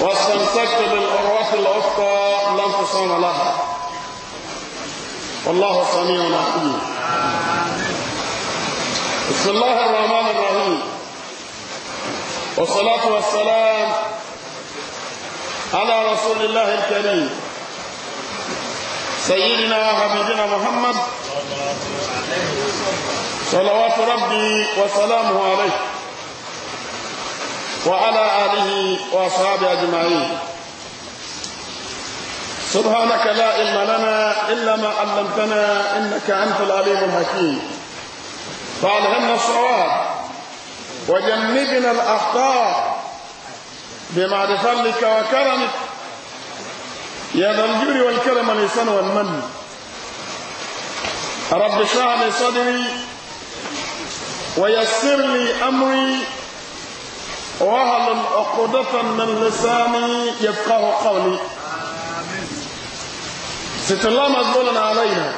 واستمسكت بالعروة الوثقى لا انفصام لها والله سميع عليم بسم الله الرحمن الرحيم والصلاة والسلام على رسول الله الكريم سيدنا وحبيبنا محمد صلوات ربي وسلامه عليه وعلى آله وأصحابه أجمعين سبحانك لا علم لنا إلا ما علمتنا إنك أنت العليم الحكيم فألهمنا الصواب وجنبنا الأخطاء بمعرفة لك وكرمك يا ذا الجبر والكرم الإنسان والمن رب اشرح لي صدري ويسر لي أمري وهل عقدة من لساني يفقه قولي ست الله مزبولا علينا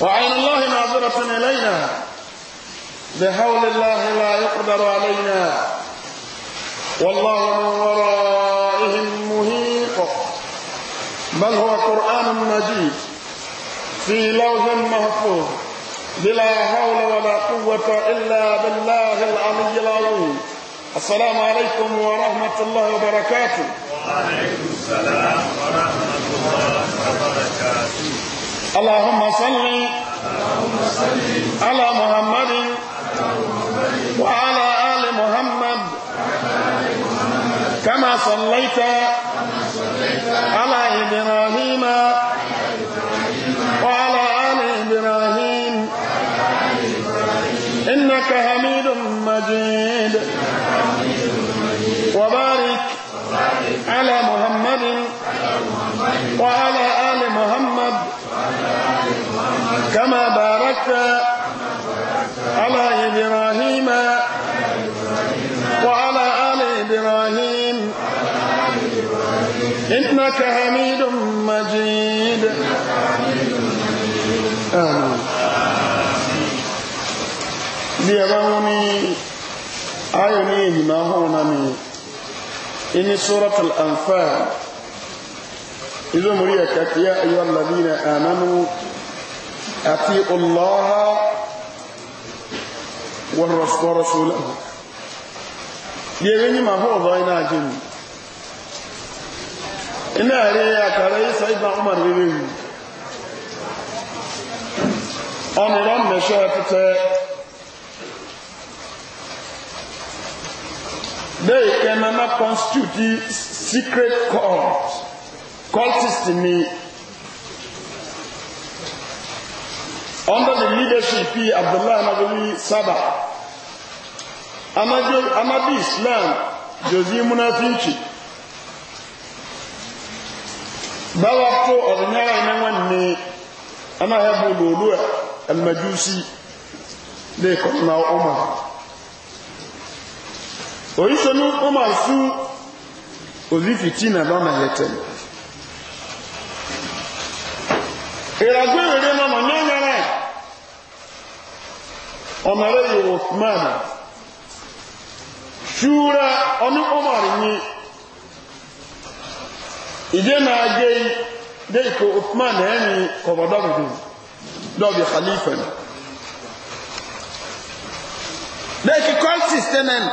وعين الله ناظرة إلينا بحول الله لا يقدر علينا والله من ورائهم مهيق بل هو قرآن مجيد في لوح محفوظ بلا حول ولا قوة إلا بالله العلي العظيم السلام عليكم ورحمة الله وبركاته وعليكم السلام ورحمة الله وبركاته اللهم صل على محمد وعلى آل محمد كما صليت على إبراهيم على محمد وعلى آل محمد كما باركت على إبراهيم وعلى آل إبراهيم إنك حميد مجيد آمين bí ẹ bá wọ́n ní ayọ̀ ní èyí máa hàn náà ni ayo إن سورة الأنفال إذا مريكت يا أيها الذين آمنوا أطيعوا الله والرسول رسوله يغني ما هو ضاينا جن إن أهلي أكاري سيدنا عمر بن أمرا مشاهدته bẹ́ẹ̀ kẹ́ mama constitute secret cult cultist ni under the leadership of abdullahi anabili saba amadi islam jozi munafiki báwa kó ọ̀rìnyára iná wọn ni ana hẹ́bù lòlú ẹ̀ almajusi lè kọ́ ọmọ ọmọ oríṣẹ́ ní ó máa sú òlífì tí nà lọ́nà ẹ̀tẹ̀ ìràgbé ìrẹ́ mọ́mọ̀ ní ọ̀nàrẹ̀ ọmọrẹ́ yìí osman ṣúra ọmọ omar ní ìdí náà gé dé ìkó osman ẹni kọ̀bọ̀dọ́gbùdù lọ́bì khalifa lẹ́kì kọ́ńtì stẹ́nẹ̀nì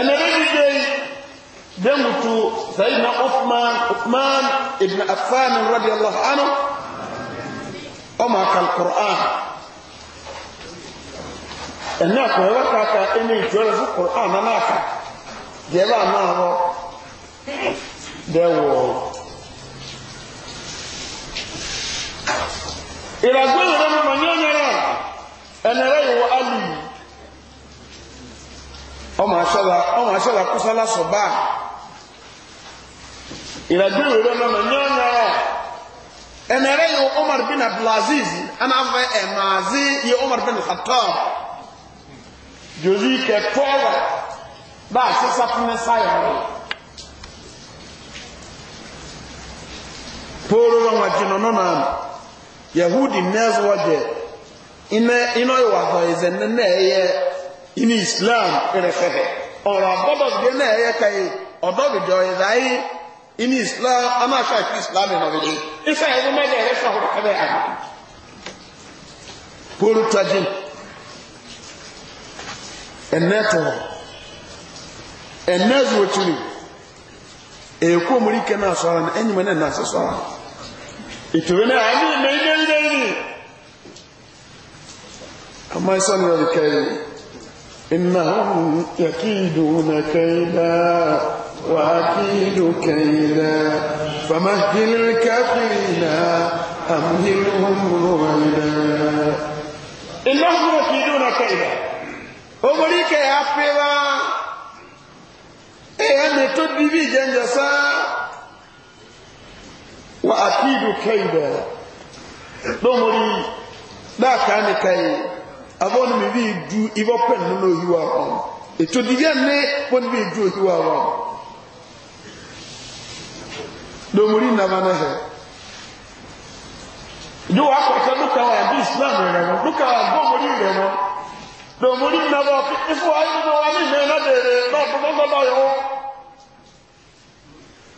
ẹnẹrẹ dídé dẹ́mutu sayidina uthman uthman ibn affan radiyallahu anhu ọmọ akal qur'an ẹnẹ akọ̀wé kàkà ẹni ìjọba fún qur'an náà nàkà deɛ baa maa hɔ dɛ wɔ ìràgbé yẹn lọ́nà mọ̀ nyẹ́ nyẹ́ rẹ̀ ẹ̀nà rẹ̀ yẹ ọmọ aṣọ́la kúsọ́lá sọ̀bá ìrẹ̀gbẹ̀rẹ̀ rẹ̀ lọ́nà nyọ́nyọ́ ẹ̀mẹ̀rẹ̀ yóò omar bin abdulaziz anáfẹ́ ẹ̀màazí yóò omar bin khattab jòzí kẹtọ́ rẹ̀ bá a ṣe sáfúnni sáyà rẹ̀ pòrò wọn wà jìnnà nọ́nà in islam rẹ̀fẹ̀fẹ̀ ọ̀rọ̀ gbọ́dọ̀ gbé náà ẹ̀yẹ kẹyẹ ọ̀dọ́ bìdì ọ̀yẹ̀dá anyị islam amáṣà islam ẹ̀ nọ̀bìdì ifẹ̀ ẹ̀dún mẹ́lẹ̀ ẹ̀rẹ́ fún ọ̀rọ̀ ẹ̀bẹ̀ àná polu tajin ẹ̀nẹ́ tọ̀rọ̀ ẹ̀nẹ́ zuwotiri èkó omori kẹ́ náà sọ̀rọ̀ ní ẹ̀yìn mẹ́lẹ̀ náà sọ̀rọ̀ ìtòwé náà إنهم يكيدون كيدا وأكيد كيدا فمهل الكافرين أمهلهم رويدا إنهم يكيدون كيدا أمريكا يا فيلا إيه أن تدبي جنجسا وأكيد كيدا دومري لا كان كيدا abɔn mi bi du ibɔ pɛn mu na ohiwa wɔn eto didiɛ ne wɔn bi du ohiwa wɔn domori nama ne hɛ yi wa akɔta duka wa yadu islam rɛ no duka wa domori rɛ no domori nama ifo ayi mo wa mi hɛ na de de na ɔbɔ bɔ bɔ yɛ wɔ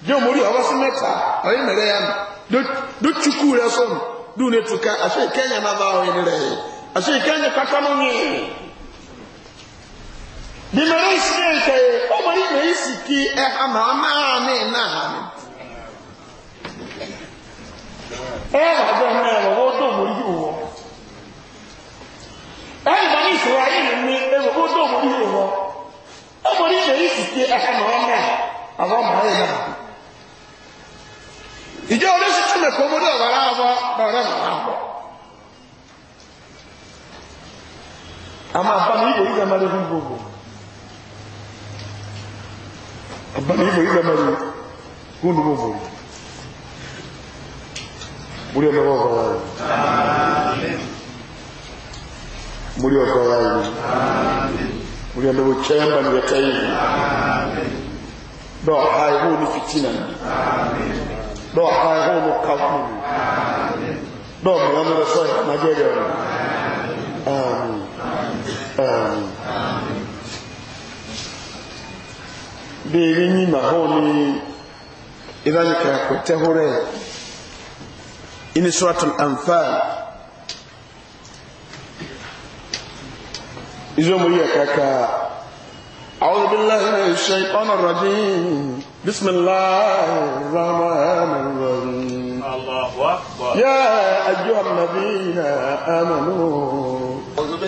domori ɔbɔ si mɛta ɔyɛ mɛrɛ ya no do do tsuku rɛ so no do ne tuka afi kɛnyɛ na ba ɔyɛ ne rɛ yɛ asi ikenye kakano nyi nimero isi nke ọmọdé na isi ki ẹha e na ama ani na ha ni ẹha bẹ ọmọ ẹwọ wọn dọ ọmọ yìí wọ ẹyìn bá ní ìṣòro ayé mi ní ẹwọ wọn dọ ọmọ yìí wọ ọmọdé na isi ki ẹha e e na ọmọ ẹ àwọn ọmọ ayé náà ìjọ oníṣẹ́ tún lè kọ́ ọmọdé ọ̀rọ̀ àwọn ọ̀rẹ́ màá àmọ́ àbámi ìbò yìí lẹ́mọ́ lórí gbogbo àbámi ìbò yìí lẹ́mọ́ lórí gbogbo múrí ọlọ́wọ́ ọ̀gọ́wà rẹ̀ múrí ọ̀gọ́wà rẹ̀ múrí ọlọ́wọ́ chẹ́mbà ní ẹ̀kẹ́ yìí lọ́ọ̀ ha ihò ní fìtínà lọ́ọ̀ ha ihò ní kàkùnù lọ́ọ̀ mọ̀ ọ́nà rẹ̀ sọ́ọ̀ ìmájẹ́rẹ̀ àmín béèrè ní màbọ́ ní ìbánikà kò tẹ́húrẹ́ inú sọ́tún àǹfààní izomu yi kaka أعوذ بالله من الشيطان الرجيم بسم الله الرحمن الرحيم الله أكبر يا أيها الذين آمنوا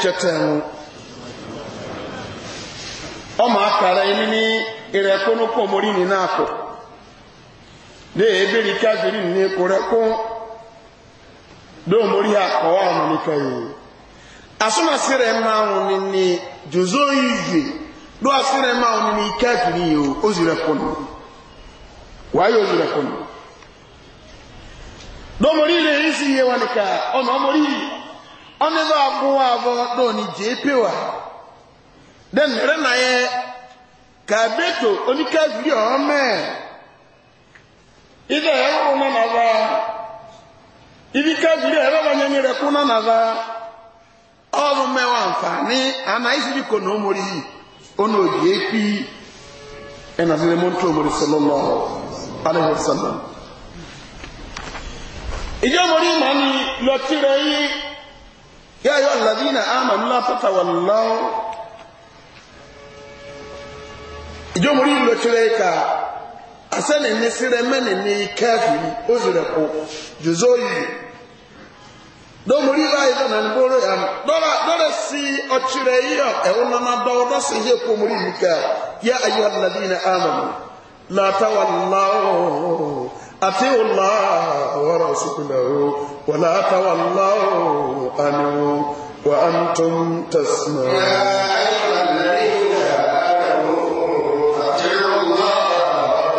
kyɛtɛn ɔma akara yi ni erɛ ko no kɔ ni na akɔ de ebiri kaziri ni korɛ ko do mori akɔ wa ɔmo nika yi asomasi rɛ ma ɔmo ni ni dzozo yi yue do asi rɛ ma ɔmo ni kɛfiri o ozi rɛ ko no wayɛ ozi rɛ ko no do mori rɛ yi si yie wa nika ɔmo ɔne bɛ agbowa abɔ dɛ ɔne gye pewa then rena yɛ kabeto onika viri ɔmɛ ɛwɔ na nava ibi ka viri e na nyɛnyɛ rɛ ko na nava ɔbɔ mɛ wa nfaani ana esi bi kɔ na omori e yi ɔna ɛna sɛ ntu omori alehi ìjọba يا أيها الذين آمنوا لا تتولوا جمهوري لتريكا أسأل النسر من الكافر أزرق جزوي domori báyìí tó nà ń bóró yà dọ́là dọ́là sí ọ̀kyerẹ́ yìí ọ̀ ẹ̀wọ̀n nana dọ́wọ́ dọ́ sí yẹ kó mori ya na أطيعوا الله ورسوله ولا تولوا عنه وأنتم تسمعون يا أيها الذين آمنوا أطيعوا الله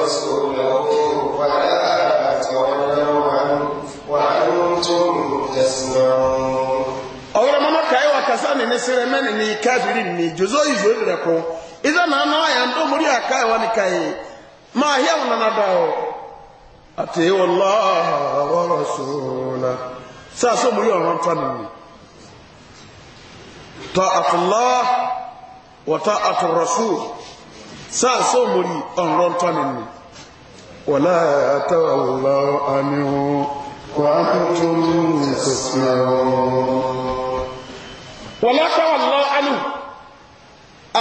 ورسوله ولا تولوا عنه وأنتم تسمعون أولا ماما كاي وكساني نسير من ني كافرين ني جزوي زوي لكم إذا ما أنا أندو مريا كاي وني كاي ما هي ونانا داو àti wọláhà wọ́rọ̀ sọ́ọ́lá sáà sọ mú yí ọ̀rọ̀ tó nìyí tọ́ àtúlá wọ́tá àtúrọ̀sù sáà sọ mú yí ọ̀rọ̀ tó nìyí wọ́lá àtàwọ̀lá àníwò wà á kó tó mú ìtòsí ọ̀rọ̀. wọ́lá àtàwọ̀lá àníwò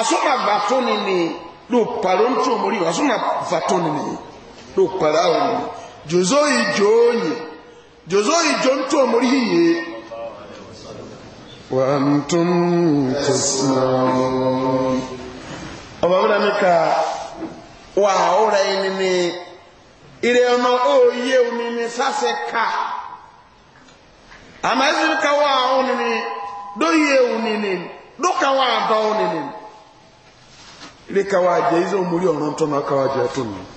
àsọ́nà bàtọ́ nìyí ló pàrọ̀ ń tó mú yí àsọ́nà bàtọ́ nìyí ló pàrọ̀ àwọn nìyí jozo ijo onye jozo ijo ntu omori hiye wa ntum tasmaun ọba bíra mi ka wà ọ̀rẹ́ yìí ni ire ọmọ òye omi ni sase ka àmà ẹsẹ̀ wà ọ̀nì ni dóye òní ni dóka wà àdá òní ni ire ka wà jẹ́ ẹsẹ̀ omori ọ̀rọ̀ ntọ́ náà ka wà jẹ́ ẹ̀tọ́ nìyẹn.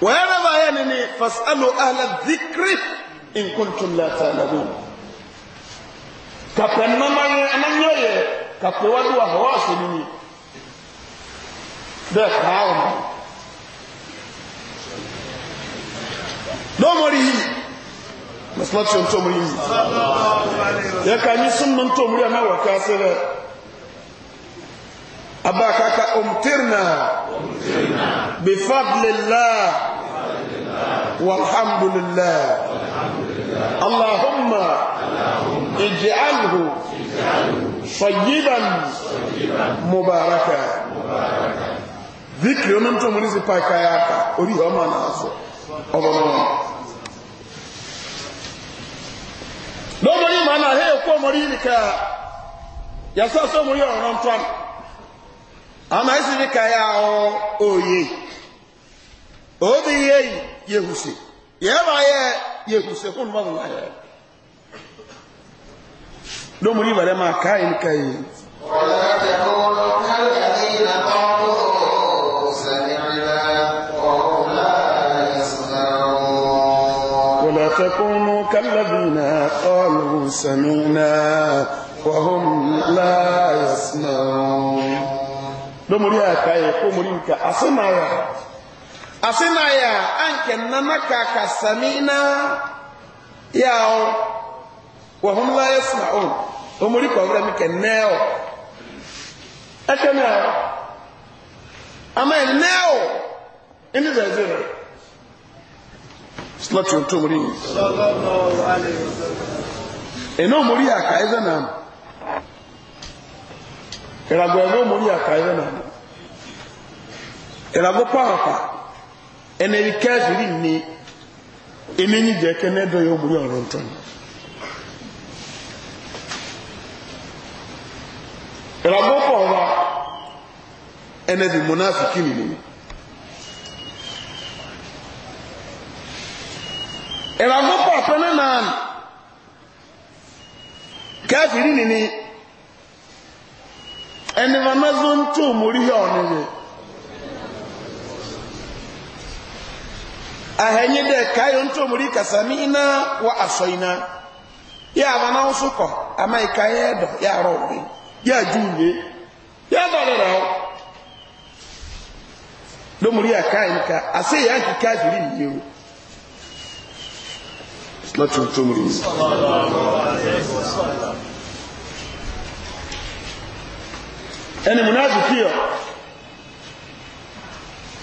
wherever yani ni fasalu ahla dhikri in kuntum la ta'lamun kapenna man amanyoye kapewadu wa hawasi nini de hawa do mori hi maslatu ntomuri sallallahu alaihi wasallam ya kanyi sunnan tomuri na wakasira abakaka umtirna bifadlillah walhamdulillah allahumma اجعله صيبا مباركا ذكر يوم انتم مريزي باكا ياكا اريه اما ناسو ọgbọ̀nà lọ́mọ yìí ma náà hẹ́ ẹ̀kọ́ mọ̀rí nìkà yàtọ̀ sọ́mọ yìí ọ̀rọ̀ ntọ́nù ama esiri ka ya ọ oye obi ye yehuse yaba ye yehuse kun ma ŋun ayɛ domuni wɛrɛ ma yi ni ka ye. wàlá tẹ̀wọ́ kálíà ní ìlànà ọ̀hún sẹ́nìlá ọ̀hún domori a kaye ko muri nka asinaya asinaya anke nana ka ka samina yao wa hum la yasmaun omori ko wra mike neo akana ama neo ini zazira slatu to muri sallallahu alaihi wasallam eno muri akaye zana Ìràgbọ̀ ẹ̀rọ mórí àkàyẹ́ náà ìràgó pàápàá ẹni ẹni kẹ́ẹ̀sìrì ni èmi ní jẹ́ kẹ́ nẹ́dọ̀ yóò múlò ọ̀rọ̀ ntọ́ni. ìràgó pàápàá ẹni ẹni mọ́nàfíkì nìyẹn. ìràgó pàápàá náà nà kẹ́ẹ̀sìrì nìyẹn ẹni bá náà zó ń tó mórí yá ọ̀nìyẹn. ahanye dɛ kaayɛ muri kasami ina wa asoina, yɛ abana nso kɔ ama yi kaayɛ dɔ yɛ arɔ ɔbɛ yɛ aduwe yɛ dɔlɔlɔ hɔ domori yɛ kaayɛ nika ase yɛ anki kaayɛ firi yie o lati ntomori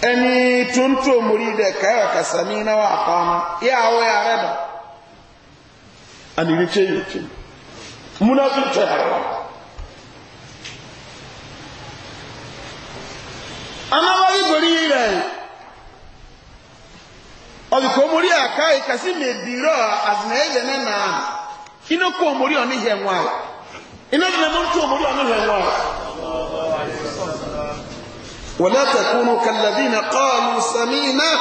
ẹni tuntun ń dẹ káyọ̀ kàsà ní iná wà pa yà áwọ̀ yà rẹ̀ bà ànìrìkye yìí kye múnásù tẹ̀ ẹ̀rọ. anáwárí borí yìí rẹ̀ ọ̀dùkọ̀ mórí àká na mèbìrọ̀ na ẹ̀yẹ nínà iná kó omori ولا تكونوا كالذين قالوا سمينا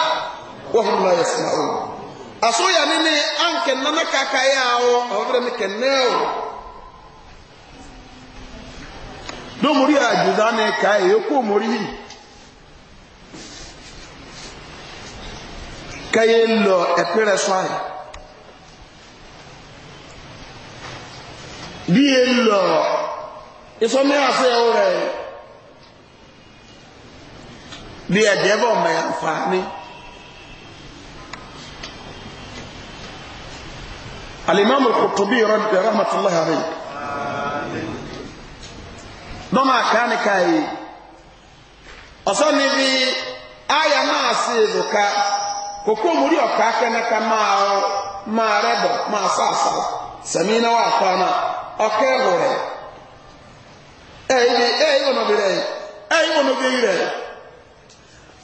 وهم لا يسمعون أصويا نني أنك نما ياو أوبر مكناو دو مري أجدان كاي يكو مري كاي لو أبيرا سواي بي لو إسمي أفيا أوري bí ẹ̀jẹ̀ bọ̀ mọ̀ àǹfààní. alimami kutubi rabbi rahmatulahi alayhi dọ́mà kánìkà yìí ọ̀sán níbi ayà máa sí ìdùká kòkó múrí ọ̀ká kẹ́nẹ́ká máa ọ máa rẹ́bọ̀ máa sáàsá sẹ̀mí náà wà fún ọmọ ọ̀ká ẹ̀rù rẹ̀ ẹ̀yìn ọ̀nà bí rẹ̀ ẹ̀yìn ọ̀nà bí rẹ̀.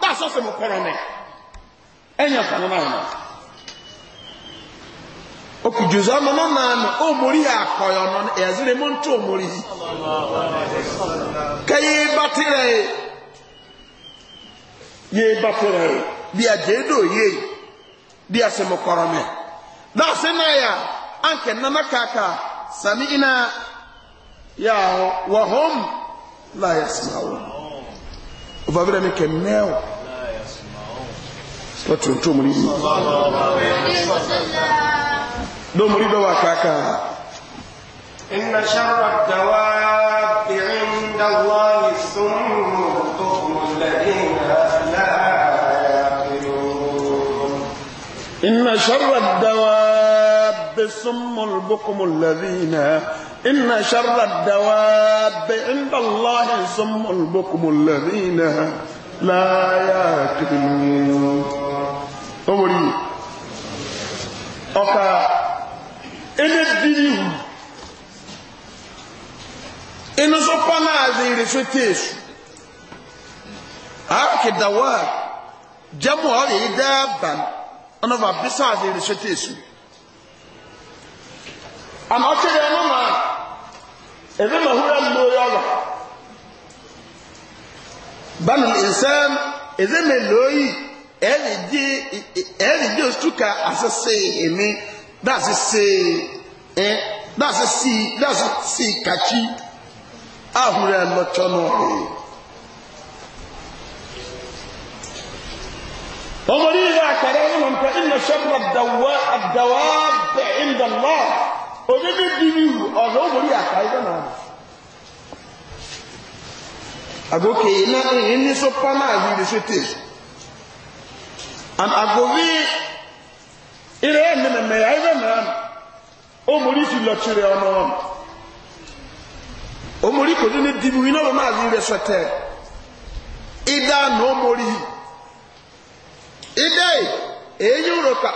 bá aṣọ sọ̀rọ̀ kọ̀rọ̀ mi ẹ̀yìn ọ̀sán náà nà. okùjùzọ ọmọ náà nà nà ó mórí àkọyọ nà ẹ̀yàzírí mú ntú ó mórí yìí. kẹ́yì bàtìrẹ̀ yé bàtìrẹ̀ bí àjẹ́dọ̀ yé bí aṣọ kọ̀rọ̀ mi. dáàsì vavira ne kemeo watu mtu mulimi do mulido wa kaka inna sharra dawab inda allah summu tuqul ladina la yaqilun inna sharra dawab summu al-buqmu alladhina إن شر الدواب عند الله الصم البكم الذين لا يأكلون. أمري أكا إن الدين إن سبحانه زي رفتيش أكا الدواب جمع دابا أنا فبسا زي رفتيش أنا أكا أنا ماما ebe mahura mmiri ọba banu nsɛm eze meloyi ɛredi ɛredi osuka asese emi daasese ɛ eh, daasese daasese kakyi ahura nnɔtɔ n'ɔre. ومريض كريم فإن شر الدواء الدواب عند الله onye dị n'ihu ọzọ ogbori aka ibe na ọdụ agoke na ndị sopa na ahụ ndị sote and agovi ire ene ya na ọdụ ogbori lọchiri ọnụ ọnụ omori kò ní dìbò na lọ máa rí rẹ sọtẹ ìdá nà na ìdá na ń rò ká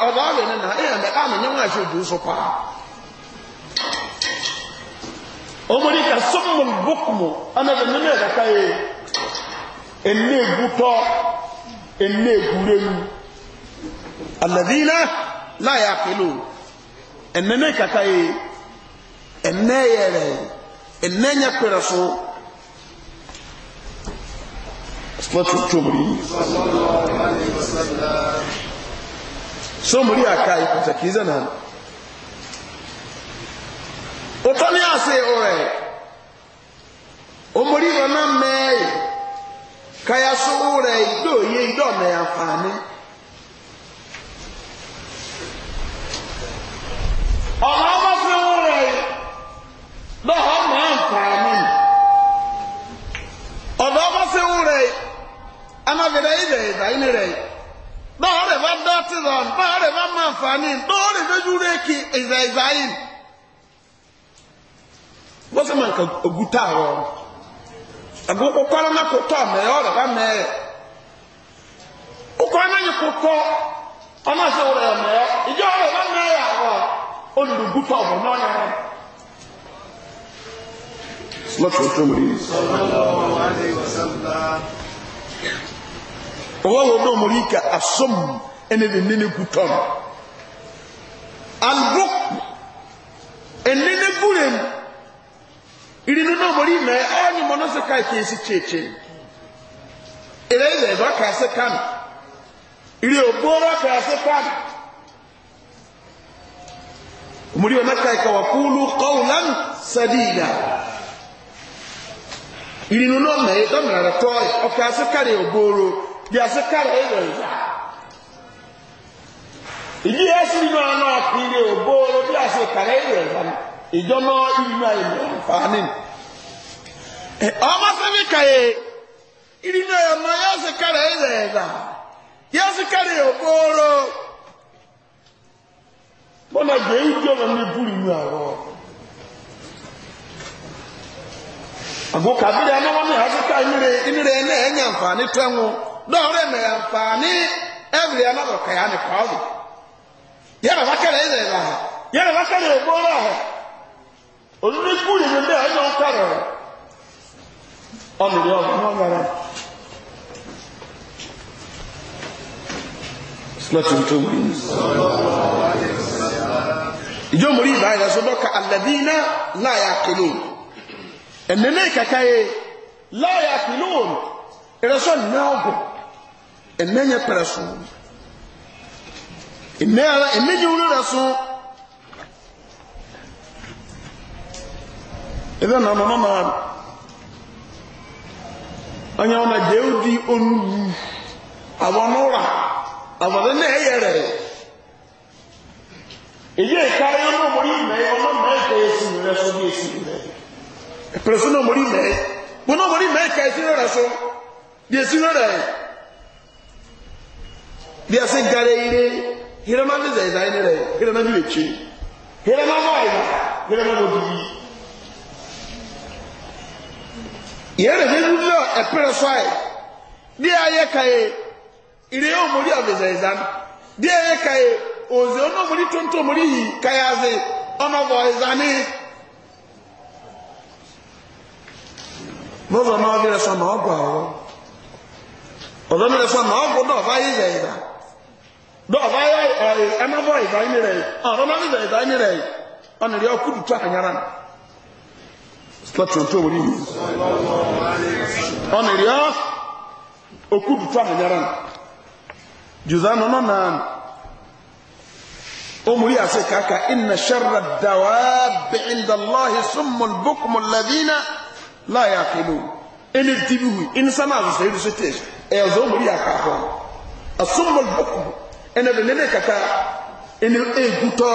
na ọrẹ omori ka sọmọl bukumu anabi nínú ẹ̀daka yẹ ẹnna egu tọ ẹnna egure nu aladina láyé akelo ẹnna kaka yẹ ẹnna yẹrẹ ẹnna nyẹ pẹrẹ so sọtú tòmùrí sọmùrí aka yẹ na ní ka ya omoriba náà mẹ́ẹ̀ kayaso rẹ̀ ìdóòye ìdọ́ọ̀mẹ́ àǹfààní. ọ̀nà ọmọfẹ́ rẹ̀ lọ́họ́ mọ́ àǹfààní ọ̀nà ọmọfẹ́ rẹ̀ anábìrẹ́ ilẹ̀ ìdáyìn rẹ̀ lọ́họ́ rẹ̀ bá dọ́tí lọ́n lọ́họ́ rẹ̀ bá mọ́ àǹfààní lọ́họ́ rẹ̀ bá yúrẹ́kì ìdáyìn. ka oguta awɔ ago kɔkɔrɔ na kɔtɔ mɛ ɔrɛ ba mɛ kɔkɔrɔ na yɛ kɔtɔ ɔna sɛ mɛ ìdí ɔrɛ ba mɛ yɛ awɔ ɔlùdó guta ɔbɔ n'ɔnyɛ rɛ. lọ́tọ̀ tó mú yìí. ɔwọ́ wo dɔn mo yìí ka asom ɛnɛ de nene guta mu. albo ɛnene gure mu irinu náà mo rí mẹ ẹni mo náà sẹka ìkíyè sí kyekye ìrẹ ìrẹ ìdọ kàásì kánì ìrẹ òbóró kàásì kánì mo rí ọmọ ká ìkàwọ kúlù kọwùlán sadìdà irinu náà mẹ ìdọ mìíràn tọ ọkàásì a òbóró bíásì kánì ìrẹ ìdọ ìdí ẹsìn náà náà kiri òbóró bíásì kánì ìrẹ ìdọ náà. ìjọ náà ìrìnà ìmọ̀ àǹfààní ọmọ sẹ́mi kàyé ìrìnà ìmọ̀ yóò sì kárẹ̀ ẹ̀rẹ̀ ẹ̀dà yóò sì kárẹ̀ òkòòrò bọ́nà gbé ìjọ náà ní búrú ìlú àwọ̀ àgbo kàbíyà náà wọ́n ní àfíríkà ìnire ẹ̀ náà ẹ̀yẹ àǹfààní tẹ́wọ̀n dọ́ọ̀rẹ́ àǹfààní òdúdó ikú yìí ní bẹ́ẹ̀ ẹ̀yọ́ kẹrẹ̀ ọmọdé ọmọ wọn gara sílẹ̀tì tó wù ní ìjọ mọ̀rí ìbá ìrẹ́ sọ dọ́ka àlẹ́bí iná láyà kìlú ẹ̀mẹ́mẹ́ kàkà yẹ láyà kìlú ìrẹsọ nìyà ọgọ ẹ̀mẹ́yẹ pẹ̀rẹ̀ sùn ẹ̀mẹ́yẹ wọn rẹ̀ sùn ebe na nọ na onye ọ na deudi onugbu abọnụra abọdọ na-eyere èyí ìkarẹ́ ọmọ mọ̀rí mẹ́ ọmọ mẹ́ẹ̀kẹ́ èsì rẹ̀ sọ bí èsì rẹ̀ ẹ̀pẹ̀rẹ̀ sínú mọ̀rí mẹ́ gbọ́nà mọ̀rí mẹ́ẹ̀kẹ́ èsì rẹ̀ sọ bí èsì rẹ̀ bí a sì garẹ́ ire hìrẹ́mà ní zẹ̀zẹ̀ rẹ̀ hìrẹ́mà ní lè ṣe hìrẹ́mà náà Ihe hẹnu náà ẹpẹrẹ sọ ayẹ díẹ ayẹ ka ìrẹ yóò mórí àbẹsẹ ẹzán díẹ ayẹ kàyé ka ọ̀nà ozi tóntó mórí yìí Kayazi azẹ ọ̀nà bọ̀ ẹzán ni. bọ́sọ̀ náà bí rẹsọ̀ náà ọgbà ọ̀rọ̀ ọ̀dọ́ mi rẹsọ̀ náà ọgbọ̀ náà ọ̀fà sọ́tún tó wọ́n yìí ọ̀nà ìrìọ́ okú dùtú àmìyàrá jùzá nọ náà náà ó múrí àṣẹ kàkà iná ṣẹ́rẹ̀ dàwà bẹ̀ẹ́ndà lọ́hì súnmùn bókùnmùn lẹ́dínà láyé àkínú ẹni dìbìwì ẹni sánà àṣẹ ìlú sí tèṣ ẹ̀yọ́zọ́ múrí àkàkọ́ àṣùnmùn bókùnmùn ẹni ẹ̀dẹ̀ nílé kàkà ẹni ẹ̀gútọ́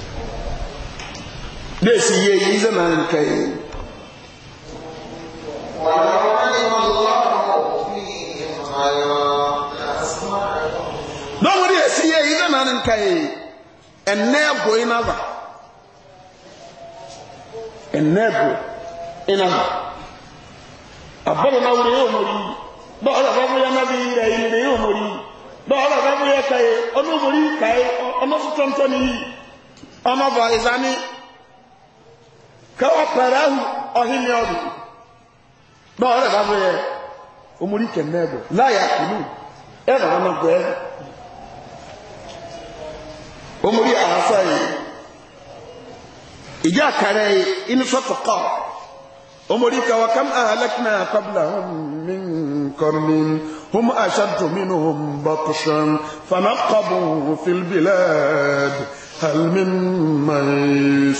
desi yeeyi zamani kai dɔwɔri esi yeeyi zamani kai ɛnɛ go ina va ịnaba. go ịnaba. va na wuli yɛ omori dɔwɔri afɔfu ya na bi yira yi yira yɛ omori dɔwɔri afɔfu ya ka ye ɔno omori ka ye ɔno tutɔntɔ ni yi ɔno va izani. kẹwàá pẹ̀rẹ̀ ahù ọ̀hìn ní ọdún náà ọ̀rẹ́ bá bẹ̀rẹ̀ omori kẹ̀mẹ́ ẹ̀bọ̀ láyà kìlú ẹ̀rọ ọmọ gbẹ̀ ẹ̀rọ omori àhásá yìí ìjà kàrẹ́ yìí inú sọ́tọ̀ kọ́ omori kẹwàá kam ahalakina kabla hum min kọrin hum aṣadu minnu hum batushan fana kabu filbilad halmin mais.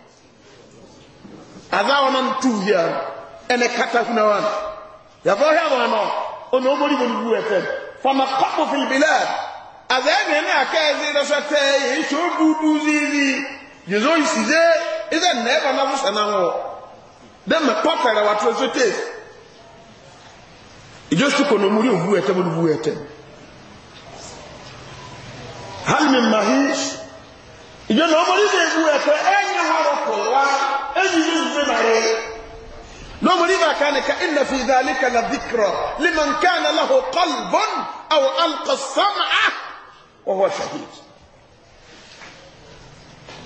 adha onan tuhia ene kata kuna wana yavoya wana ono omori bo ngu efe fama qabu fil bilad adha ene akaze na sate isho bubu zizi yezo isize ize neba na vusa na ngo dem potara watu zote ijosu kono muri obu ete bo ngu ete hal min mahish ijo no omori bo ngu efe enye haro kwa اجلس عليه نوم لما كان كإن في ذلك لذكرى لمن كان له قلب أو ألقى السمع وهو شهيد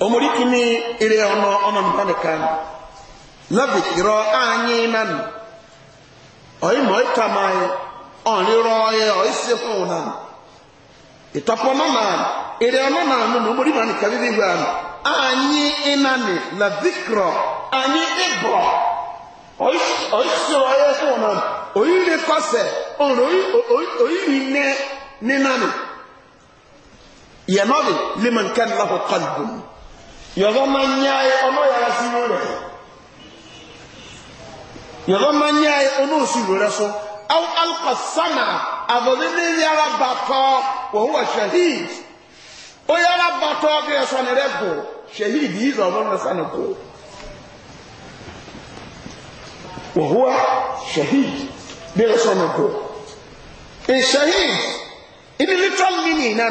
أمريكني إلي أنا أنا من كان لذكرى آنينا أي مويتا ماي أني رأي أي سيخونا إتفونا إلي أنا من أمريكني كذلك anyị ịnani la dikro anyị ịbọ oisoro ya so na oyire kọsẹ ọrọ oyirine nínani yẹnọbi liman kẹlẹhu kalbun yọrọ ma ń yá ẹ ọmọ yàrá sí irú rẹ yọrọ ma ń yá ẹ ọmọ so aw alkasana àbọ̀dé yàrá bàtọ wọ́n wọ̀ ṣahid ó yàrá bàtọ bí ẹ sọ ni rẹ شهيد hizo wanaona sana kwa وهو شهيد بلا سنكو الشهيد إن لترال منينا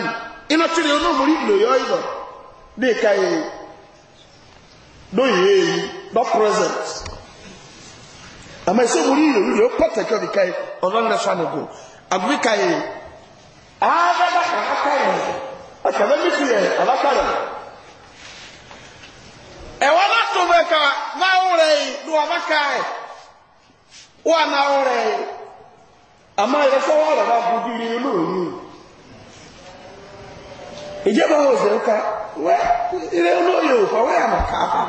إن تريونه مريد له يأيضا ديكا دو يهي دو present أما يسي مريد له يو قطة كو ديكا أظن سنكو أبوكا هذا بحر حتى يهي أكذا مثل يهي ألا ẹ̀wọ́n na tó bẹ̀ ká bá ó rẹ̀ yìí ló wà Wa ká ẹ̀ wà ná ó rẹ̀ yìí àmọ́ ẹ̀rọ sọ́wọ́ rẹ̀ bá bu bíi inú òní ìjọba òsè ń ka wẹ́ ilé olóyè òfò wẹ́ àmọ̀ mo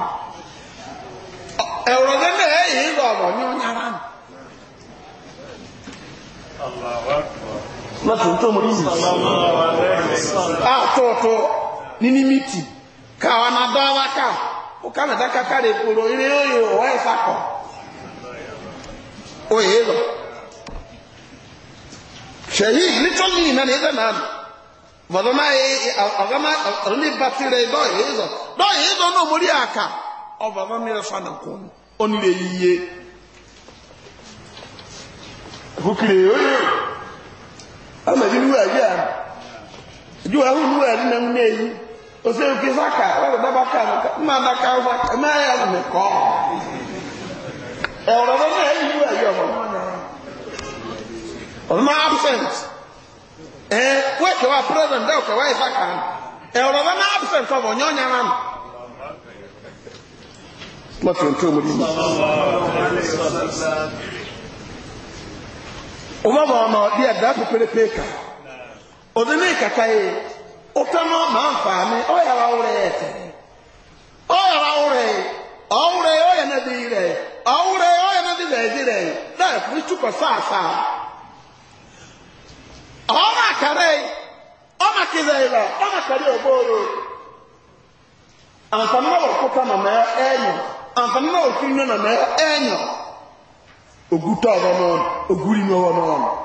Ka ukanata kakale kulo ile oyo owayesako oyelo shehid litoli na eza nani bọ̀dọ̀má ọ̀gámá oníbàtìrẹ̀ ìdọ́ ìyẹ́zọ̀ dọ́ ìyẹ́zọ̀ náà mórí àkà ọ̀bọ̀bọ̀ mi rẹ̀ fana kún onílé yíyé bukire oye amadi nuwa yíyá ìjọba ahùn nuwa yíyá nínú ẹ̀yìn ose oke saka wale daba ka bacana mma na ka saka mma ya me é o oro ba na yi wa yo mo ma absente é o que wa present o que wa saka e oro ba na absent of onyonya na no ma tun tun mu ni o ma ba ma di ada pepere peka o de ne kakaye utano manfaani oyaba ureete oyaba ureye owureye ụra diireye owureye oyana dizeegireye dee kristuko saasaa omakarey omakizeyla omakari obooro anfani na wokuta na mee enyo anfani na na mee enyo oguta obo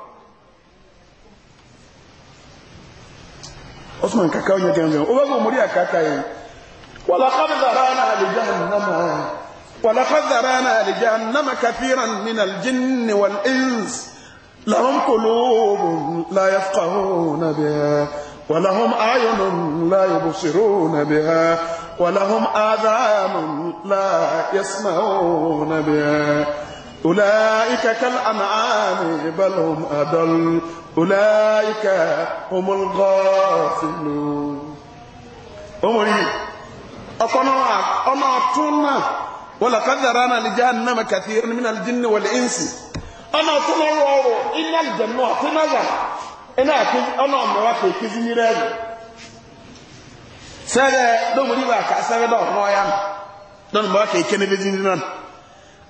osman kaka onye gẹn gẹn obago omori akaka yi walakad zarana wala walakad zarana jahannam kafiran min al jinn wal ins lahum qulub la yafqahuna biha ولهم أعين لا يبصرون بها ولهم آذان لا يسمعون بها أولئك كالأنعام بل هم أدل أولئك هم الغافلون أمري أقنع أما أطولنا ولقد ذرانا لجهنم كثير من الجن والإنس أنا أطولنا الله إن الجنة أطولنا أنا أطولنا أنا أمرك كزيني رأي سيدة دوم ريبا كأسابة دور نويا دون مواكي كنبزيني رأي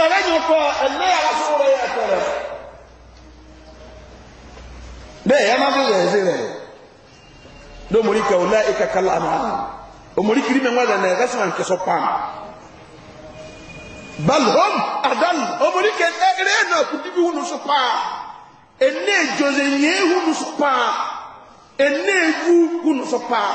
ẹlẹ́yìn kọ ẹlẹ́ aláṣọ rẹ̀ yẹ kẹrẹ bẹ́ẹ̀ ẹ má fi rẹ̀ sí rẹ̀ lómori omori kiri mẹ́wàá lẹ́nà ẹ̀rẹ́ sọ̀rọ̀ nkẹsọ̀ pàm balhom adan omori kẹ ẹrẹ́ náà kò dídí hùn sọ pàm ẹnẹ́ ìjọsẹ̀ yẹn hùn sọ pàm ẹnẹ́ ìwú sọ pàm.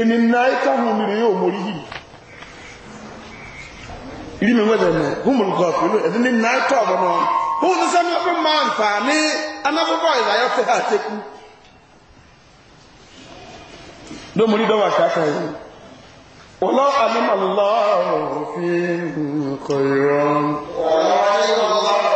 èmi náà káhùn mi rèé òmòrí yìí ìrí mi wẹ́dẹ̀ mẹ́ húmùn gọ́ọ̀fù inú ẹ̀dí ní náà tọ́ ọ̀bọ̀ náà hùn ní sẹ́mi ọ̀pẹ́ máa ń fà ní anábọ́bọ́ ìdáyọ́ fẹ́ àtẹ́kù lómòrí dọ́wà ṣáká yìí wọ́lọ́ àlùmọ̀ lọ́ọ̀rùn fi ń kọ̀ ìrọ̀rùn. wọ́lọ́ àlùmọ̀ lọ́ọ̀rùn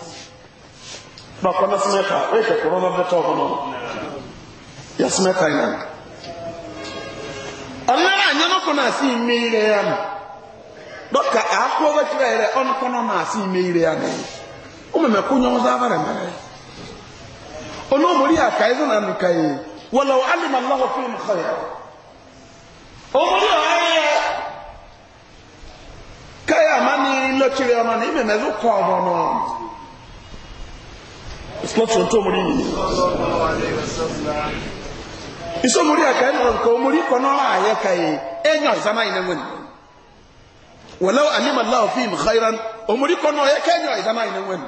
bakwana smeka weke korona veta hono ya smeka ina anara anyono kona si imire ya no doka akwo wetre ere on kono na si imire ya no umeme kunyo za bare mere ono muri akaizo na mikai walau alima allah fihim khayra omuri aye kaya mani lochire ono ni imeme zo ko ono slot on to muri ni iso muri aka en ko muri ko no ra ye kai enyo zama ine ngoni walau alima allah fihim khairan umuri ko no ye kai enyo zama ine ngoni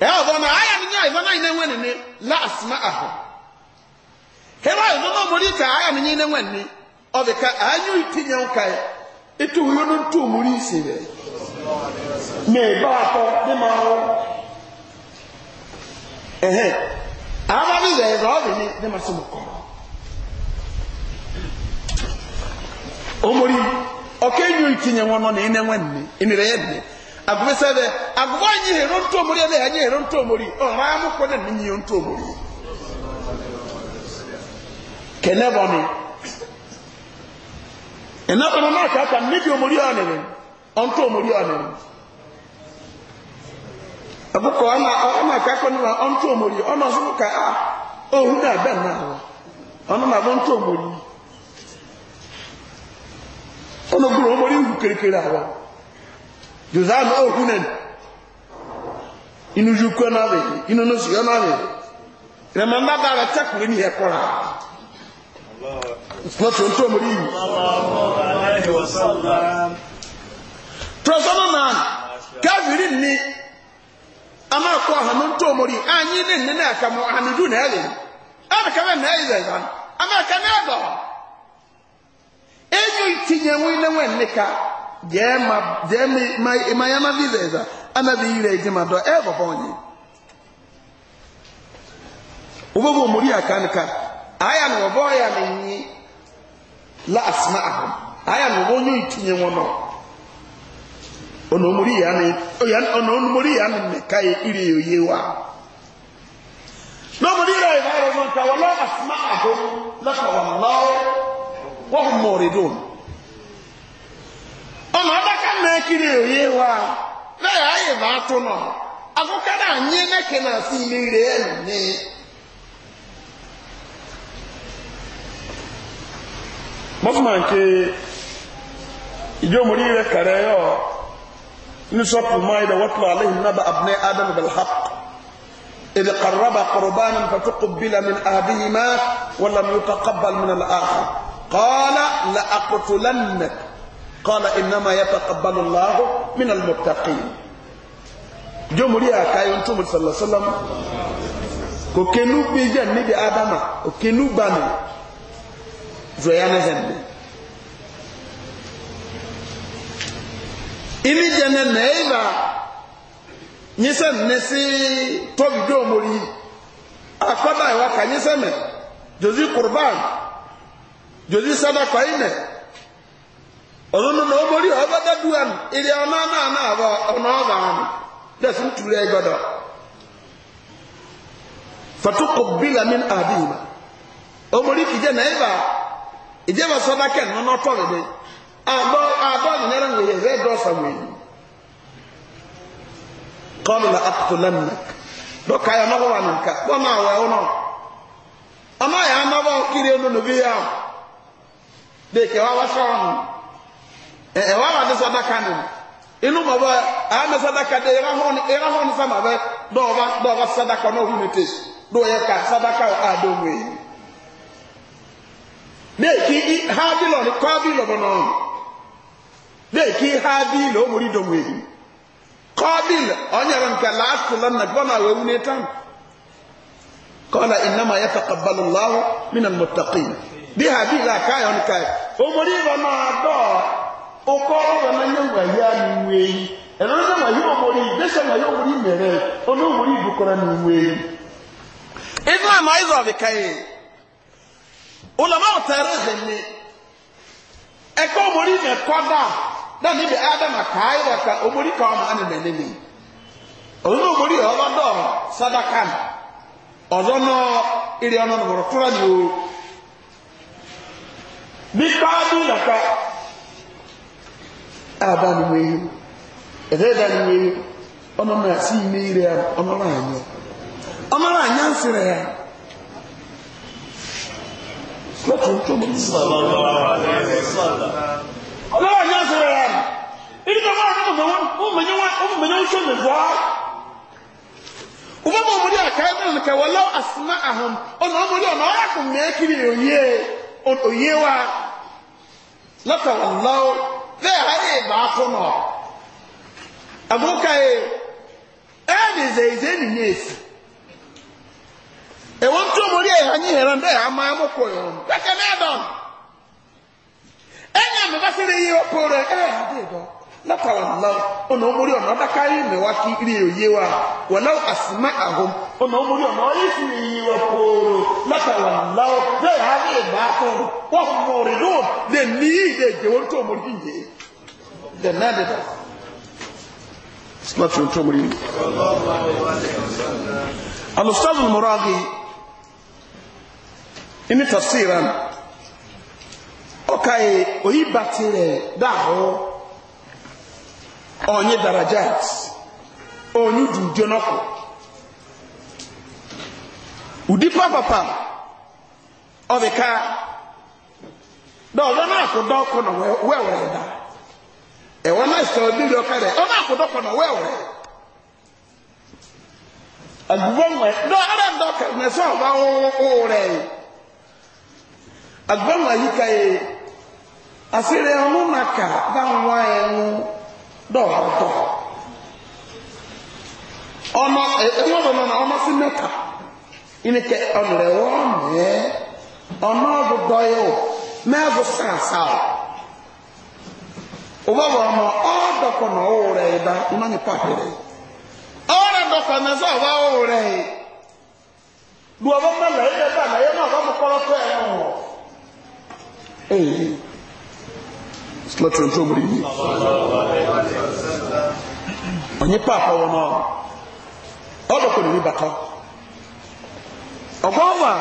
e o na aya ni ya zama ine ngoni ni la asma'ahu hero no no muri ka aya ni ine ngoni o be ka anyu itinyo kai itu huyo no to muri sibe me ba ko de ma ehe aba bi bɛ zɔɔ bi ne ne ma se mo kɔrɔ omori ɔkè nyu nkinyɛ wɔn no ne ne wɛn ne yɛ sɛ anyi nto omori ɛna anyi hero nto omori ɔra kɔ ne ne nto omori kɛnɛ bɔ ne ɛnɛ omori ɔne ne omori ɔne ne. ọkụkọ ọma aka akọ na ọntụ omori ọ ka ohu na-abịa na ọnụ na abụ ntụ omori ọnụ omori ihu kirikiri ahụ jụza na ohu na inu jukwe inu n'osi na adịghị rema mba n'ihe kpọrọ ntụ omori na ama akɔ ahanu nto anyi ne nne na aka mu ahanu na ɛyɛ ama kama na ɛyɛ zɛzɛ ama aka na ɛbɔ enyo tinye nwi ne nwe nika jɛ ma jɛ ma ma ya ma bi zɛzɛ ama bi yire eji ma dɔ ɛbɔ bɔ nyi wobɛ bɔ omori aka nika aya na ɔbɔ ya na nyi la asoma ahom aya na ɔbɔ nyo itinye nwi no. ono omuri ya ni ono omuri ya ni ka iri oye wa n'omuri ya ìbára ọmọ nta wọlé asoma àhó lọkọ wọlọ wọn kò mọ òrìdó ọmọ adaka náà kiri oye wa lẹyìn ayé bá tó nọ akókèrè ànyé nẹkẹ náà sí ilé rẹ ẹnìní. mọ́tò máa ń ké ìjọ́ omuri rẹ̀ kàrẹ́ yọ̀. من سورة المائدة واتلو عليهم نبأ ابناء آدم بالحق إذ قرب قربانا فتقبل من أحدهما ولم يتقبل من الآخر قال لأقتلنك قال إنما يتقبل الله من المتقين جمهورية كايون تومر صلى الله عليه وسلم كوكينو بيجان نبي آدم كوكينو بانو زويانا هنبي imi jene neiva nyise jozi kurban jozi ine na omori ọgbada duan ili ọ na-ana ana abọ ọna ọba anụ desi ntuli egodo fatukọ bila min abima omori kije na ịba ijeba abọ́ abọ́ nyere nwere red ọsa nwere na akụtụlenna dọka ya nọbọ na nka kpọ na awa ụnọ ọma ya anọbọ kiri elu n'obi ya deke ewa wasa ọhụ ẹwà wà sadaka sadaka sadaka sadaka deki habil omori domwegi qabil onyere nke laatụlanna gbana wewune tam قال انما يتقبل الله من المتقين بها بلا كايون كاي omori ma do okoro na nyangwa ya niwe ẹ̀rọ náà yóò omori ìgbésẹ̀ náà yóò omori mẹ̀rẹ̀ ọ̀nà omori ìbùkọ̀rọ̀ niwe islam ayizọ ọ̀bìkàyè ulama ọ̀tẹ̀rẹ̀ hẹ̀ ni ẹ̀kọ́ omori mẹ̀kọ́ dáa náà níbi ádámà káyé ka omori kà ọmọ ẹni mẹ́ni mi òun náà omori ọlọ́ oh, dọ̀ sadaka ọ̀dọ́ náà ìrì ọ̀nà nìbọ̀rọ̀ tóra ni o bí káàdì dàkà ádámà wéyí ẹ̀dẹ́ dàní wéyí ọ̀nà náà sí ilé na Ọ bụrụ na rẹ̀ ibi tó fọ́nà ọmọ ndị ọmọ mẹ́yẹ wọn sọ́nà ìfọ́ ọmọ mọ̀ mọ̀dé àkáyé náà nìkẹ́ wọ́n lọ́wọ́ àsìmá àhàn ọ̀nà ọmọdé ọ̀nà ọ̀rẹ́ ọ na yẹ ẹ́ẹ̀dì zèzé nìyẹn èsì ẹ̀wọ́n tó mọ̀dé ẹ̀yà yìí hẹ̀rẹ̀ bẹ́ẹ̀ àmà mi bá sí rí iye ọkọ rẹ̀ ẹ̀ adé ìdọ́ látàwọn ọ̀nà ọ̀nà omori ọ̀nà ọ̀dàká yìí mẹ́wàá kí rí òye wa wọ̀lá àsìmá àhom ọ̀nà omori ọ̀nà ọ̀yẹ́ sí iye ọkọ rẹ̀ látàwọn ọ̀nà bẹ́ẹ̀ adé ìgbà fún wọn mọ̀ rí ló lè ní ilé ìjẹ́wọ́ tó omori yìí lè náà dé dọ̀. smartphone tó omori yìí. alùsọ́lù mọ́rọ́ àgé inú tafsir ọkaye oyi batire dahụ onye darajat onye dị udio n'ọkụ ụdị ọ dị ka. dọọdọ na-akụ dọkụ na wewere da ewe na esi ọdịrị ọkarị ọ na-akụ dọkụ na wewere agbụgbọ nwere dọ ara ndọka na-esi ọba ụrẹ agbụgbọ nwere yika ya e, asịrị ọnụ maka ba nwa ya nwụ dọhọdọ ọnọ ndị ọzọ na ọmasị meta ịnike ọnụrụ ewe ọnụ ya ọnụ ọdụdọ ya o mee bụ sasa ụgbọ bụ ọnụ ọdọkọ na ọwụrụ ịba mmanụ papịrị ọrụ dọkọ na zọ ọba ọwụrụ ya bụ ọba mmanụ ya ebe a na ya na ọba mkpọrọ tụọ ya ọhụrụ sílẹ̀tì tó mú rí ní ọ̀nyí pàápàá wọn náà ọ̀dọ̀kọ̀ ní bàtà ọ̀gbọ́nwà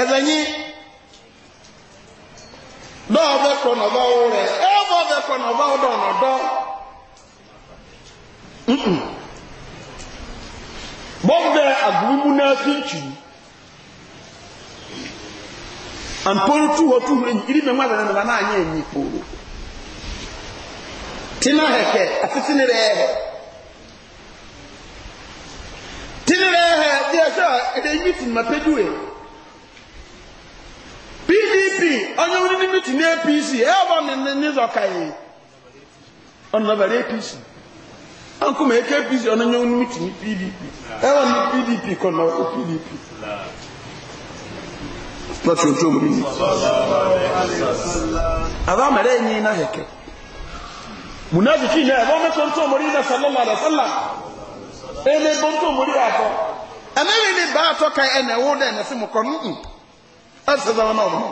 ẹ̀dẹ̀nyí dọ́ọ̀ bẹ́ẹ̀ kọ́ nọ̀bá wọ rẹ̀ ẹ̀ bọ́ bẹ́ẹ̀ kọ́ nọ̀bá wọ dọ̀ọ̀nà dọ́ bọ́ọ̀ bẹ́ẹ̀ àgùnmú náà fi ń tù amporo tu hɔ tu hɔ iri mɛ na anya enyi poro tina hɛkɛ asisi ne hɛ hɛ ma pɛ duwe pdp ɔnyɛ wuli ni ne apc ɛyɛ ɔba apc anko ma eke apc ɔnyɛ wuli pdp ɛyɛ ni pdp kɔnɔ pdp. láti ojú omi àbá mẹ́rẹ́ yìí náà hẹ̀kẹ́ munafiki náà ẹ̀bọ́n mẹ́tọ́ tó mọ̀rí náà sallọ́lá rẹ̀ sallá ẹ̀lẹ́ bọ́n tó mọ̀rí àtọ́ ẹ̀mẹ́rin ni bá àtọ́ ka ẹ̀nà ẹ̀wọ́ dẹ̀ ẹ̀nà sí mọ̀kọ́ nùkù ẹ̀sẹ̀ sábà náà mọ̀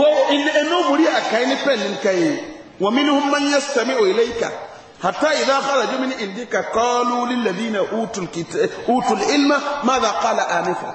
wọ́n ẹ̀nà mọ̀rí àkàyẹ́ ní pẹ̀lú nkàyẹ́ wọ́n mi ni wọ́n máa ń yẹ sẹ́mi òyìnlẹ́ yìí kà حتى إذا خرجوا من عندك قالوا للذين أوتوا, الكتاب أوتوا العلم ماذا قال آنفا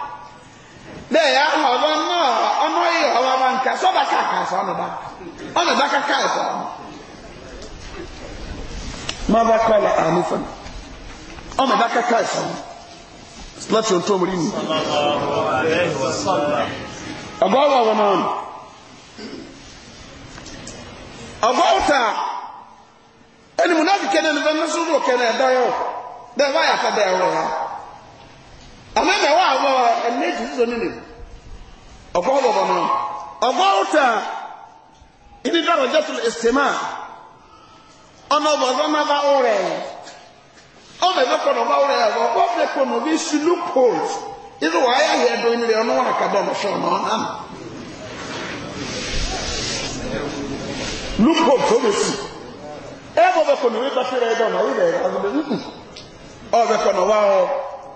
bẹ́ẹ̀ yà hà ọba náà ọmọ yìí ọba bá nkà sọ́ba kàkà sọ ọ́nà bá ọ́nà bá kàkà sọ ọ́nà. mọ́ba kọ́lá àánú fún mi ọ́nà bá kàkà sọ ọ́nà láti ọ̀tọ́ omi rí mi. ọgọ́ ọ̀wọ̀ ọ̀wọ̀ náà nù. ọgọ́ ọ̀tà ẹni mùnàbí kẹ́nẹ́ ní bẹ́ẹ̀ ní sọ́dọ̀ kẹ́nẹ́ ẹ̀dá yọ̀ bẹ́ẹ̀ báyà fẹ́ bẹ́ẹ̀ wọ̀ ha. ama na wa awọ ẹnna ti sísọ nínú ọgbọ ọgbọ náà ọgbọ ọta ibi dọrọ jẹsùn ìsìnmá ọnà ọgbọ ọgbọ náà bá ọrẹ ọmọ ẹgbẹ kọ náà bá ọrẹ ọgbọ ọgbọ ọfẹ kọ náà bí sulu poles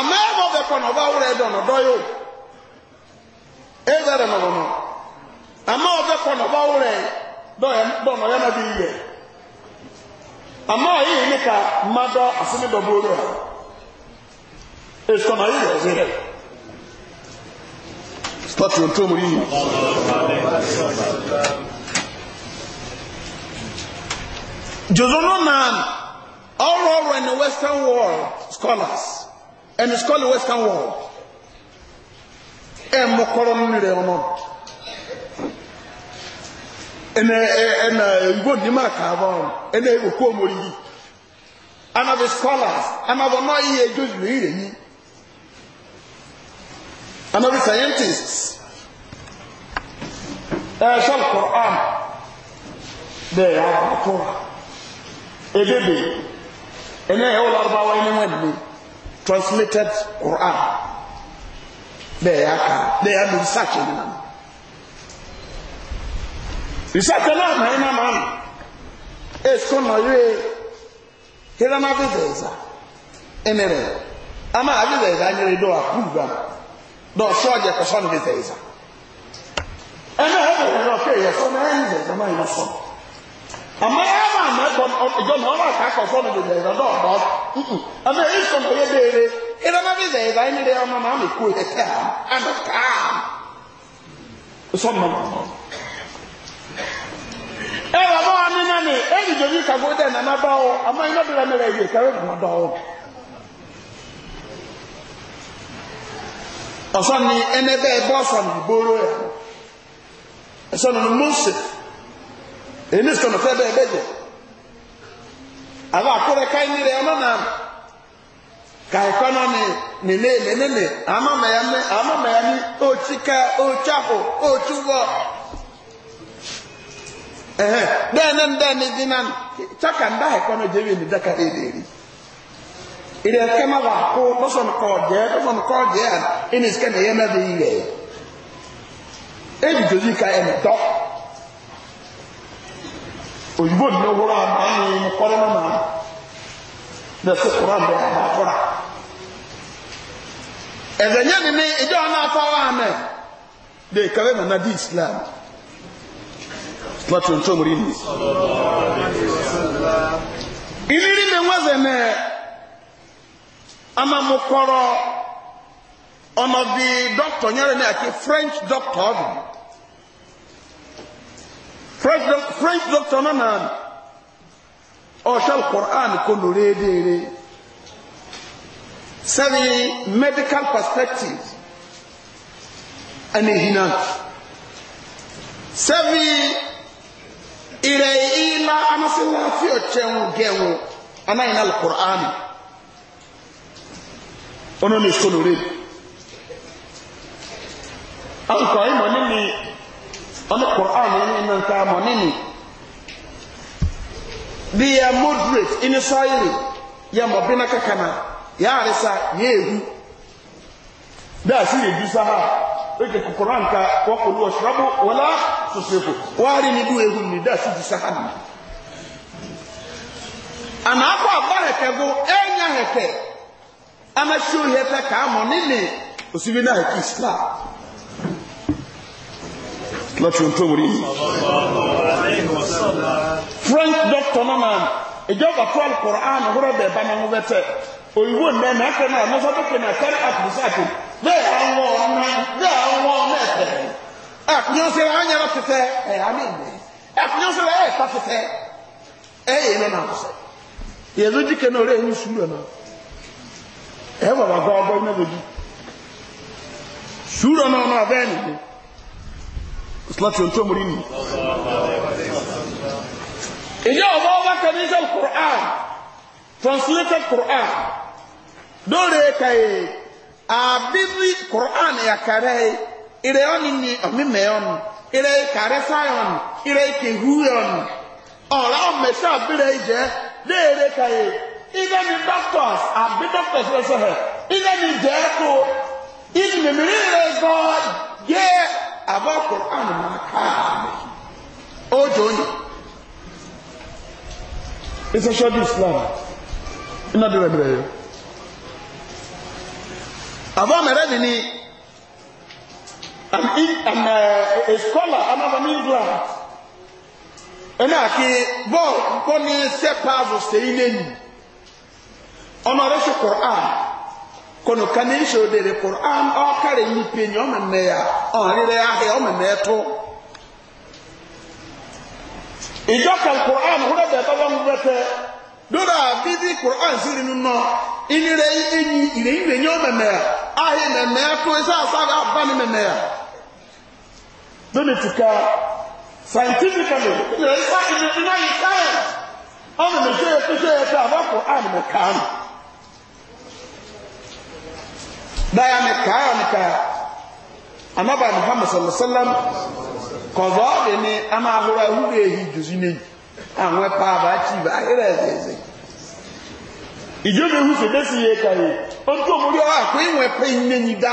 ama ɛbɔ bɛ kɔ na ɔba awura ɛdɔ na ɔdɔ yi o ɛyɛ dɛ mɔbɔ no ama ɔbɛ kɔ na ɔba awura dɔ yɛ dɔ na ɔyɛ na bi yɛ ama ɔyɛ yi ni ka ma dɔ asome dɔ bolo a esɔn ayi yɛ ɔbɛ yɛ sitɔti o tom yi. Jozono nan, all over in the Western world, scholars, and it's called the western world ẹ mọ kọrọ nínú rẹ ọ̀nà ẹnna ẹnna ìgbò nímọ̀ àkàbọ̀ ẹnna òkú ọmọlì yìí anabi scholars anabi náà yìí ẹjọ́ ìlú yìí rẹ̀ yìí anabi scientists ẹ uh, ṣọl quran bẹ́ẹ̀ yà á bọ̀ tó ebèbè ẹnna ẹ̀ wọ́n lọ́rọ̀ bá wáyé níwọ̀n nìyẹn translated quran bẹ́ẹ̀ yà ká bẹ́ẹ̀ yà lò research yẹn nínú research náà mà ẹ́ náà mà nù èso nà yẹ kílá má fi zẹ̀zà ẹni rẹ̀ ama àfi zẹ̀zà ẹni rẹ̀ dọ̀ àkúrú gbà dọ̀ sọ ọ̀jẹ̀ kọ̀sọ́ ni fi zẹ̀zà ẹni rẹ̀ bẹ̀rẹ̀ lọ kẹ́ ẹ̀yẹ sọ náà ẹni zẹ̀zà má yẹ sọ̀rọ̀. ama ɛma ama dede ɛdɔ ɔdɔ ama ɛyi ɔyɛ na ama kuo ɛtɛ a ama kaa na ɔmo ɛwɔ bɔ ɔmo na ne ɛyi dzobi kago dɛ nana ba wo ama la la kɛrɛ dɔ ɛnɛ bɛ boro yɛ mose. ene sọ na fẹ ebe bẹẹ jẹ àwọn akọrẹ káyìn ní ọmọ náà kàìkọ náà ni nílé ilé nílé àmàmẹyà ní àmàmẹyà ní òtíkà òtíàpò òtúwọ ẹhẹ bẹẹ ní ndẹ ní dínà chaka ndá àìkọ náà jẹ wíìlì dáka èdè rí ìdè má wà kó òyìnbó ní owó na máa na kọ́lé náà máa lẹ́sẹ̀ kúrán bẹ́ẹ̀ àbá fúnra. ẹ̀sẹ̀ yẹn ni ní ìjọ na fáwọn àmẹ́ de kàwé nàná di islam láti ohun tó mú rí ni. ìrírí mi wọ́n sẹ̀ mẹ́ amamukọrọ french doctor ọ̀dùn. french doctor náà nà ọ̀ṣọ́ quran kò lò rédèrè sẹ́ni medical perspective ẹni hinna sẹ́ni ìrẹ̀ ìlà anásílá fi ọ̀kyẹ́wò gẹ̀wò anáyìn al quran ọ̀nà ní sọ́nù rẹ̀. Àwọn ìkọ̀ ayé mọ̀ nínú ọmọ quran nínú nǹkan àmọ́ nínú bí yẹ moderate inú sọ́yìnrì yẹ mọ̀ bí náà na yẹ àrísà yẹ ehu bí a sì lè bí sáà ó jẹ kòkòrò àǹkà wọ́n kò lu ọ̀ṣọ́bù wọlá sòṣèkò wọ́n á rí ní dúró ehu ní dáa sì di sáà nù. àná akọ àbá hẹkẹ go ẹ̀yà hẹkẹ ẹ̀mẹ́sí òhìẹ fẹ́ kàá mọ̀ nínú òsibí náà islam láti ohun tó wòrí french doctor nana ìjọba tó alukoro a nà wúrọ̀ bẹ̀ẹ̀ bá náà wọ́n bẹ̀ tẹ̀ òyìnbó nà ẹ̀ kẹ́ náà mọ́sá tó kẹ́ náà kárí àtúnṣàtò bẹ́ẹ̀ àwọn ọ̀nà bẹ́ẹ̀ àwọn ọ̀nà ẹ̀fẹ̀ àkúnyọ́sẹ̀ anyára tẹ̀tẹ̀ ẹ̀ àmì ìgbẹ́ àkúnyọ́sẹ̀ ẹ̀ ta tẹ̀tẹ̀ ẹ̀ yẹ nínú àkọsẹ̀ yẹ̀dọ́ jíkẹ́ náà rẹ̀ ń sùúrù náà ẹ̀ bàbá gbọ́ ọgbọ́ náà lójú sùúrù náà náà bẹ́ẹ̀ nìyẹn slati onto muri ni ìjọ ọba ọba kẹmíṣẹ quran translated quran lórí kàyé àbíbí quran yàkàrẹ ìrẹ ọni ni ọmímẹyọn ìrẹ kàrẹ sáyọn ìrẹ kehuyọn ọ̀rọ̀ ọmọọṣẹ àbírẹ ìjẹ léèrè kàyé ìjẹ ni doctors àbí doctors lọsọ ẹ ìjẹ ni jẹ ẹkọ ìjẹ mímìrì rẹ gbọ yẹ aba koran ma kaa ne so o jo nyi ese sọ islam ina de bẹbẹrẹ yẹ aba mẹrẹ mi ni an in an ẹ uh, a scholar anaba mi england ẹna ake bọọl nkọ ni sẹ paazo sẹyin n'enyi sọ koran. kono kane nso de de koran ɔkara nipa enyi ɔmɛmɛ ya ɔrere ahɛ ɔmɛmɛ to ìjọ kan koran hore bɛɛ bá wọn bɛtɛ lórí àbídí koran sí nínú nọ ìnira enyi ìrẹyìn enyi ɔmɛmɛ ya ahɛ mɛmɛ to ɛsɛ asaga abani mɛmɛ ya lórí tuka scientifically ìrẹyìn sáyẹn ɔmɛmɛ sɛ yɛ daya ne kaa ne kaa anaba muhammad sallallahu alaihi wasallam kɔzɔ de ama ahoro ahoro ehi dzozi ne yi ahoro paaba akyi ba ahera ɛzɛzɛ ìjọ mi hu so bɛsi ka yi otu omori ɔ yi ba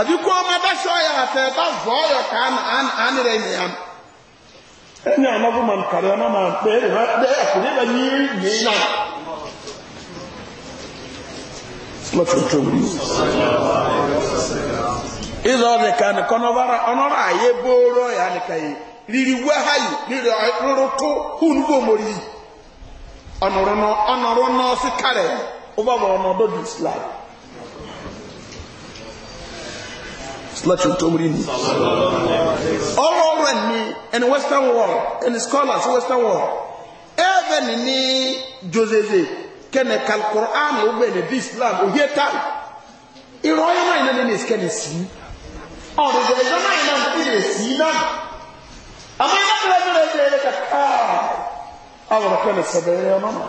abikuo ma bɛhwɛ ɔyɛ afɛ bɛvɔ ɔyɛ an anere nyiam ɛnyɛ e anafo ma nkare ɔma e ma bɛyɛ ha ya akuri ba nyi nyiina ma tuntun mu ìzɔ ɔdi kan kɔnɔbara ɔnɔra ya booro yi riri ha yi riri ɔrɔrɔ tó hun bó mori ọnọdụ láti tó múrí ni ọrọ ọrọ ẹni ẹni western world ẹni scholars western world Even ni ní joseze kẹne kalkoro ami ọgbẹ ni bí islam òye ta ìrọ ọyọ náà ìnáni ní ìsikẹ́ni sí ọ̀dọ̀dọ̀ ìjọ náà ìnáni ní ìsí náà àmọ́ ìnáni ní ìsí náà ìnáni ní ìsí náà awara kene sebere ya mama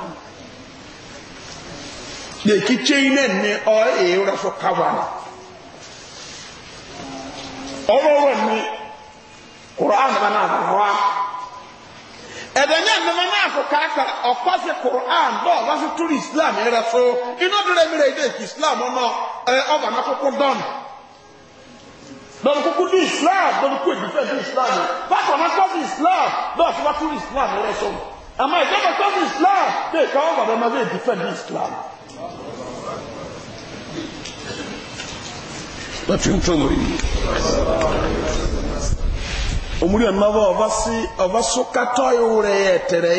ne kiche ine ne o e ura so kawana ọwọwọ ni koran bana abawa ẹdẹnyẹ nnọọ náà kò káàkà ọkọsí koran bọọ wáṣọ turu islam rẹ so inú dúró mi rẹ ilé ìkì islam ọmọ ẹ ọba náà kókó dán dọ̀nù kúkú di islam dọ̀nù kú èdè fẹ́ẹ́ di islam bákan náà kọ́ di islam bọ́ọ̀sì wá turu islam rẹ so àmọ́ ìjọba kọ́ di islam bẹ́ẹ̀ ká ọba náà bẹ́ẹ̀ di fẹ́ẹ́ di islam. wọ́n ti ń tó wọ̀nyí. omuli onaba obasi obasukato iwuleyetere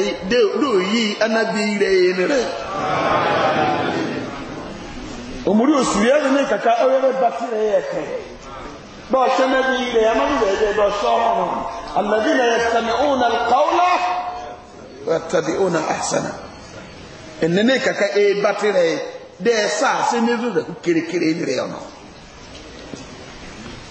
doyi anabiileyenere omuli osuyere ne kaka oyere batireyekere دوشة نبيلة يا مبيلة دوشة الذين يستمعون القول ويتبعون أحسنه إنني كاكا إيه باتري دي ساسي نزوده كيري كيري نريونه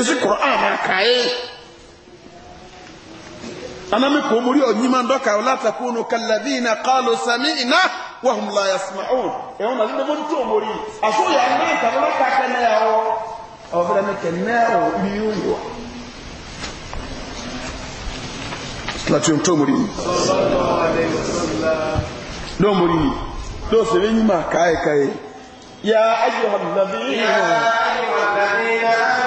ezi qur'an akaye anami ko muri onyima ndoka wala takunu kalladhina qalu sami'na wa hum la yasma'un e ona zinde bo nto muri aso ya nka bala ka kana yawo obira me kenna o biyuyo lati nto muri sallallahu alaihi wasallam do muri do se nyima kai kai ya ayyuhalladhina ya ayyuhalladhina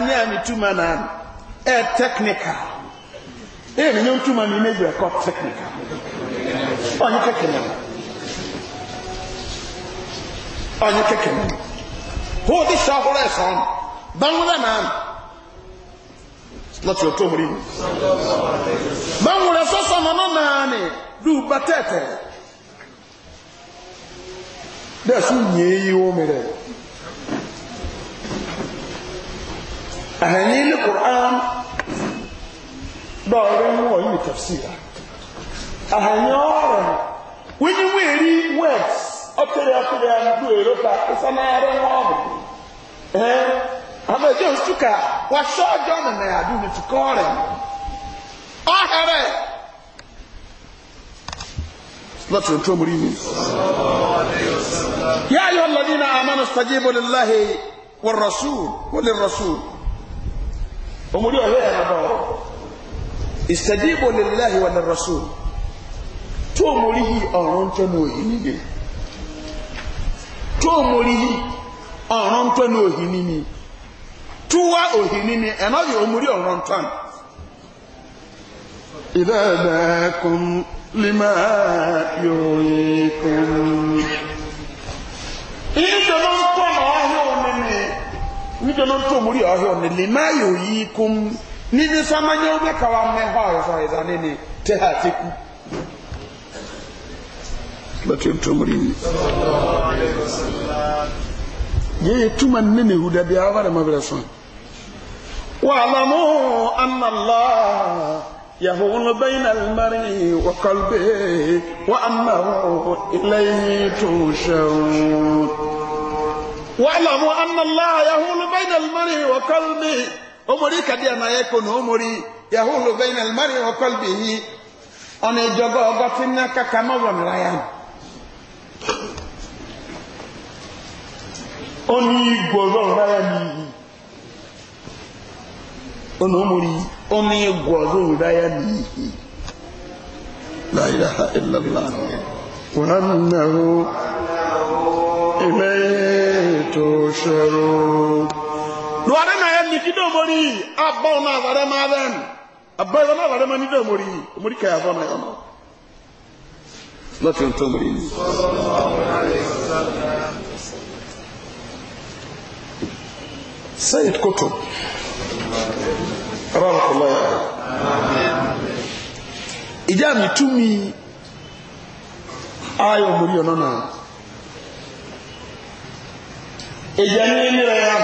ani a mituma na ɛ tɛkinika ɛ mi nye ntuma mi ne gbɛ kɔ tɛkinika ɔnye kɛkɛnɛ ɔnye kɛkɛnɛ kóò di sɔ ahorow ɛsɔn banwura na lọtí o tó mori banwura sɔsɔ nana naani du ba tɛɛtɛɛ dɛ nyee yi wo mi dɛ. أهني القرآن دارين وهي تفسيرا أهني أورن ويني ويري ويس أبتري أبتري أنا دويرو تا إسانا يارين وابو إيه أما جيو سوكا وشو جانا نيادوني تكورن أهري láti ọjọ́ mú rí ní. yáyọ̀ lọ́dínà àmánà sàjẹ́bọ̀ lè láhẹ́ wọ́n rọ̀ṣùn wọ́n lè rọ̀ṣùn omuli ọ̀rẹ́ ẹ̀ lọ́dọ̀ ìsẹ̀díbò lè láhì wà ní rọ̀ṣù tó omuli yìí ọ̀rọ̀ ń tọ́ ní òyìn níye tó omuli yìí ọ̀rọ̀ ń tọ́ ní òyìn níye túwá òyìn níye ẹ̀nà yìí omuli ọ̀rọ̀ ń tọ́ ní. ìdáàdàkùn lima yòóyìn kùn. ìdọ̀lọ́kọ̀ níjọ náà tó múrí ọ̀hẹ́ ọ̀nà lè má yóò yí kún níbi sámányé ó mẹ́ka wa mẹ́họ́ àìsàn àìsàn nínú tẹ́ àti kú. lọ́tí ó tó múrí ni. yẹ́yẹ́ túmọ̀ nínú ihu dàbí àwọn bàrẹ̀ mọ́ bẹ̀rẹ̀ sùn. wàlámù anàlá yahun bẹ́yìn alimari wọ́kọ̀lbẹ́ wà ánà ilẹ̀ yìí tó ṣẹ́wọ́n. واعلموا أن الله يهول بين المرء وقلبه أمري كدي ما يكون أمري يهول بين المرء وقلبه أنا جوغا غفنا كما ومرايا أني غوزو رايا ني أنا أمري أني غوزو رايا ني لا إله إلا الله وأنه إليه تشرون لوارنا يا نكيدو موري أبونا ورما ذن أبونا ورما نيدو موري موري كيا فما يا نو لا تنتو موري صلى الله عليه وسلم سيد كتب رحمه الله يا إذا متومي ayo muri onona èyí ẹni nílẹ̀ ya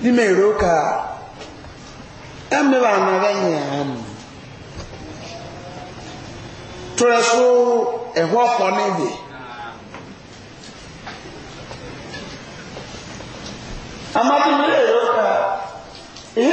N'ime mẹ́rin ó ka ẹmẹ́wàá náà lẹ́yìn ẹ̀hán tó ẹ amadu mẹ́rin ó ka èyí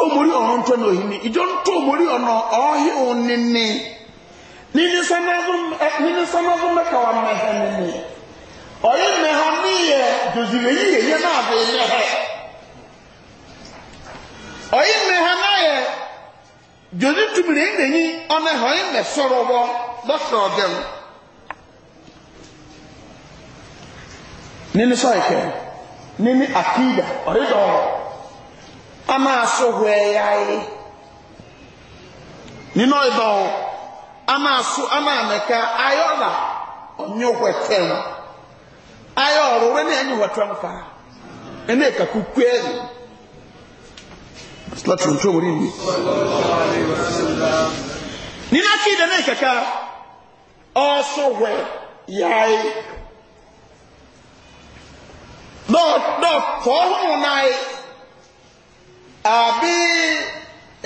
ntó omori ọ̀rọ̀ ntó ní òhìn ni ìjọ ntó omori ọ̀nà ọ̀hìn òní ni níní sọ́nàdún mẹ́ka wà mẹ́hẹ́ nínú ọ̀yẹ́ mẹ́ha níyẹ dòzìlẹ̀ yìí yẹ náà bẹ̀ mẹ́hẹ́ ọ̀yẹ́ mẹ́ha náà yẹ dòzì tùmìlẹ̀ yìí nìyí ọ̀nà ọ̀yẹ́ mẹ́ sọ̀rọ̀ bọ́ lọ́sọ̀rọ̀ dẹ́mu níní sọ̀rọ̀ kẹ́ níní àkìdà ọ̀yẹ́ dọ̀rọ̀. ama máa sọ̀rọ̀ ẹ̀yà ẹ̀ nínú ìbọn a máa sọ a máa mẹ́ka ayọ́là ọ̀nyẹ́ ọ̀họ̀ ẹ̀tẹ́ wọn ayọ́ ọ̀rọ̀ rẹ̀ ní ẹ̀yìn wọ̀tọ́ nfa ẹ̀nà ẹ̀ka kúkú ẹ̀rì sílẹ̀tì tó wọlé yìí. nínú akéde náà kẹ̀kẹ́ ọ̀sọ̀rọ̀ àbí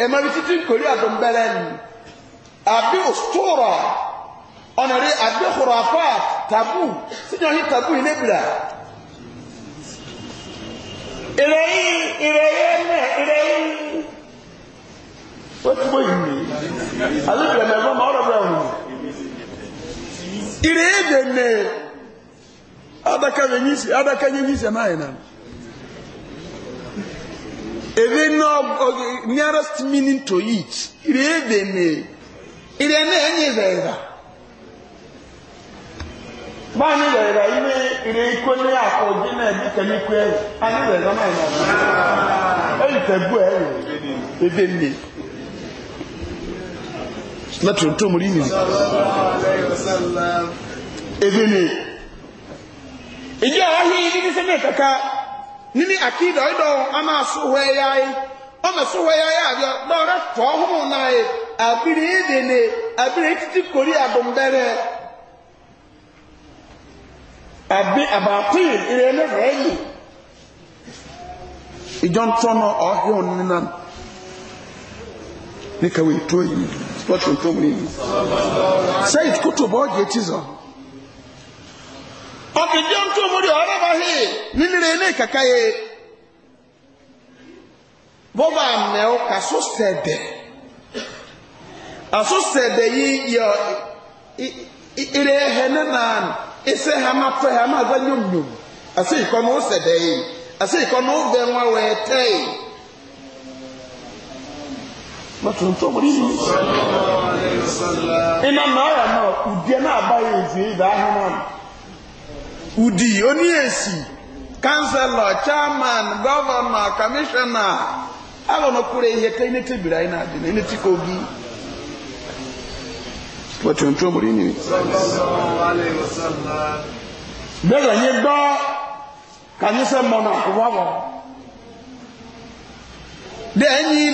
ẹ̀mọ́bi títí nkòrí àdùnbẹ́lẹ́ ni àbí òstúrà ọ̀nàrí àbí kùràfà tàbú síjọ́ yí tàbú yìí lébìlà ìrẹ̀yìn ìrẹ̀yìn ẹ̀mẹ́ ìrẹ̀yìn wọ́n ti bọ́ yìí ni alébìlà mẹ́fọ́ máa ọ̀rọ̀ bẹ́ẹ̀ hù ìrẹ̀yìn dèmè adaka yẹn yìí sẹ́máyìn náà. even no nearest meaning to it irene irene enye zaira báyìí ní zaira yìí ní ikú ní àkọ́jú náà bí kẹ́mi kú náà náà ẹ̀yìn tẹ̀gbọ́ ebe nne látò tó mú rí ebe nne ìjọ ní sẹ́mi nini akida ɔyidɔ ama suwɛ yaayi ɔmɛ ya yaayi adiɔ dɔwɛrɛ tɔ na n'ayi abiri edene abiri etiti kori adumbɛrɛ abi abakun irene rɛyi ìjọ́ntọ́nà ọ̀hún nínú ka kàwé tó yìí lọ́tún tó mú ní it koto kótó bọ́ọ̀gì etí zọ̀ọ́. ọ̀kìjọ́ tó mórí ọ̀rọ̀ bá hì nílẹ̀ ilé kàkà yẹ bọ́bá àmẹ́wò kàṣó sẹ̀dẹ̀ àṣó sẹ̀dẹ̀ yìí yọ ilé ẹ̀hẹ́ nínà ẹsẹ̀ hàmà fẹ́ hàmà bá nyọ̀nyọ̀m àṣẹ ìkọ́ ó sẹ̀dẹ̀ yìí àṣẹ ó bẹ̀ wọn tẹ́ yìí. ụdị onye esi kanselọ chairman gọvanọ kọmishọna alọnọkwuru ihe te anyị na-adị na inetika ogi wọ́n tún mú rí ní bẹ́ẹ̀ yí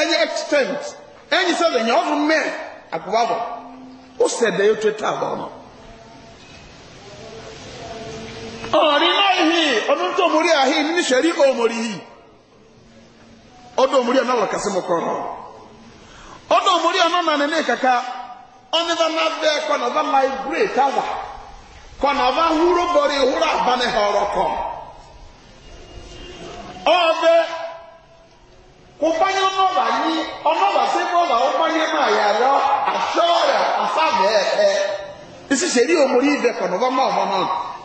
ẹni extent yẹn ọdún mẹ́ àkùwọ́wọ́ ó sẹ̀dẹ̀ yóò tó tẹ́ àbọ̀ Ọ náà hì ọdún tó mórí àhí ní ṣẹ̀rí òmòrí yìí ọdún òmòrí ọ̀nà wọ̀ kásí mọ̀kọ́ rọ̀ ọdún òmòrí ọ̀nà nàní ní kàkà ọ̀nìdá náà bẹ́ kọ́nà ọba migrate àwà kọ́nà ọba bọ̀rí ọ̀rọ̀ kọ́ ọ̀bẹ kò báyọ̀ yí sí báyọ̀ yà lọ àṣọ rẹ̀ ẹ̀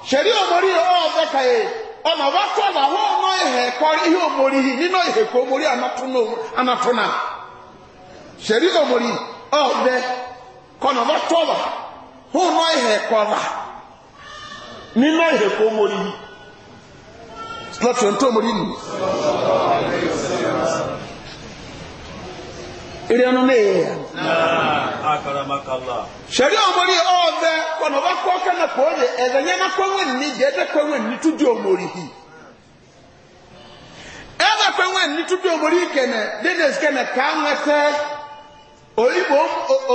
Seri òmórí ọzọ ka ọmọ bá kọ́lá na ọmọ ihe òmórí yìí omori ìhẹ̀kọ́ na? anatona omori òmórí ọ̀ọ́fẹ́ kọ́nà bá kọ́lá wọ́n ihe ìhẹ̀kọ́ là nínú ìhẹ̀kọ́ omori yìí slọ́tì eri ọnụ na-eyi ya ah, sheri omori ọbẹ kọnà ọba kọ ọkẹ náà kọọ de ẹbẹ nyẹ náà kọwé nni jẹ ẹbẹ kọwé nni tuju omori hi ẹbẹ kọwé nni tuju omori kẹnẹ dedes kẹnẹ kaa nwẹtẹ oyinbo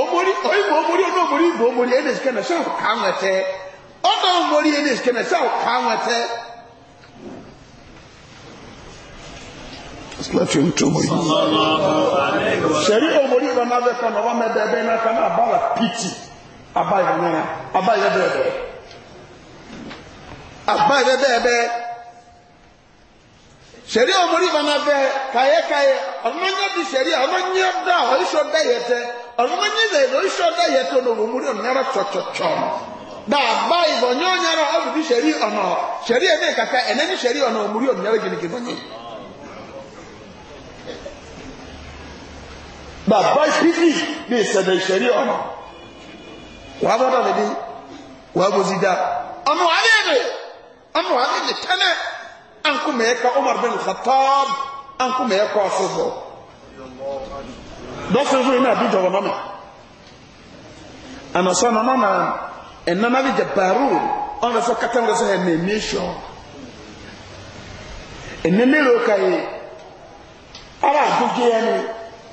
omori oyinbo omori ọdọ omori igbo omori edes kẹnẹ sẹ ka kaa nwẹtẹ ọdọ omori edes kẹnẹ sẹ ọ kaa nwẹtẹ. láti ohun tó mọ̀ yìí. sẹ̀rí òmòrí ìrọ̀nà abẹ́kọ̀ náà wọ́n mẹ́ta ẹ̀bẹ́ iná kan náà bára pìtì abáyọ̀nà abáyọ̀bẹ̀ẹ̀bẹ̀ abáyọ̀bẹ̀ẹ̀bẹ̀ sẹ̀rí òmòrí ìrọ̀nà abẹ́ kàyẹ́kàyẹ́ ọ̀nàmọ́nyẹ́ di sẹ̀rí ọ̀nàmọ́nyẹ́ dá ọ̀yíṣọ́ dẹ́yẹtẹ́ ọ̀nàmọ́nyẹ́ dẹ̀ ọ̀yíṣọ́ dẹ́yẹtẹ́ ọ̀nàmọ́nyẹ́ ọ̀nyẹ́rẹ́ tsọ̀tsọ̀tsọ̀ dàbá ìbọn nyẹ́ ọ̀nyẹ́rẹ́ ọ̀bùdí sẹ̀rí ọ̀nà sẹ̀rí ẹ̀ bàbá pípì ní ìṣẹ̀lẹ̀ ìṣẹ̀rí ọ̀nà wà bọ́dọ̀ da ní wà gbòsí dá ọmọ alẹ́rẹ̀ ọmọ alẹ́rẹ̀ tẹ́lẹ̀ ankúmẹ̀ ka umar bin khatab ankúmẹ̀ ẹ̀kọ́ ọ̀fọ̀fọ̀ dọ́fẹ́fẹ́ na àbíjọ wọn náà ànàsọ́ náà náà ẹ̀nà náà bí jẹ̀bàrú ọ̀nà fọ́ kátàngọ́sọ ẹ̀ nà ẹ̀mí ẹ̀ṣọ́ ka mélòó kàyé ara àdúgbò ni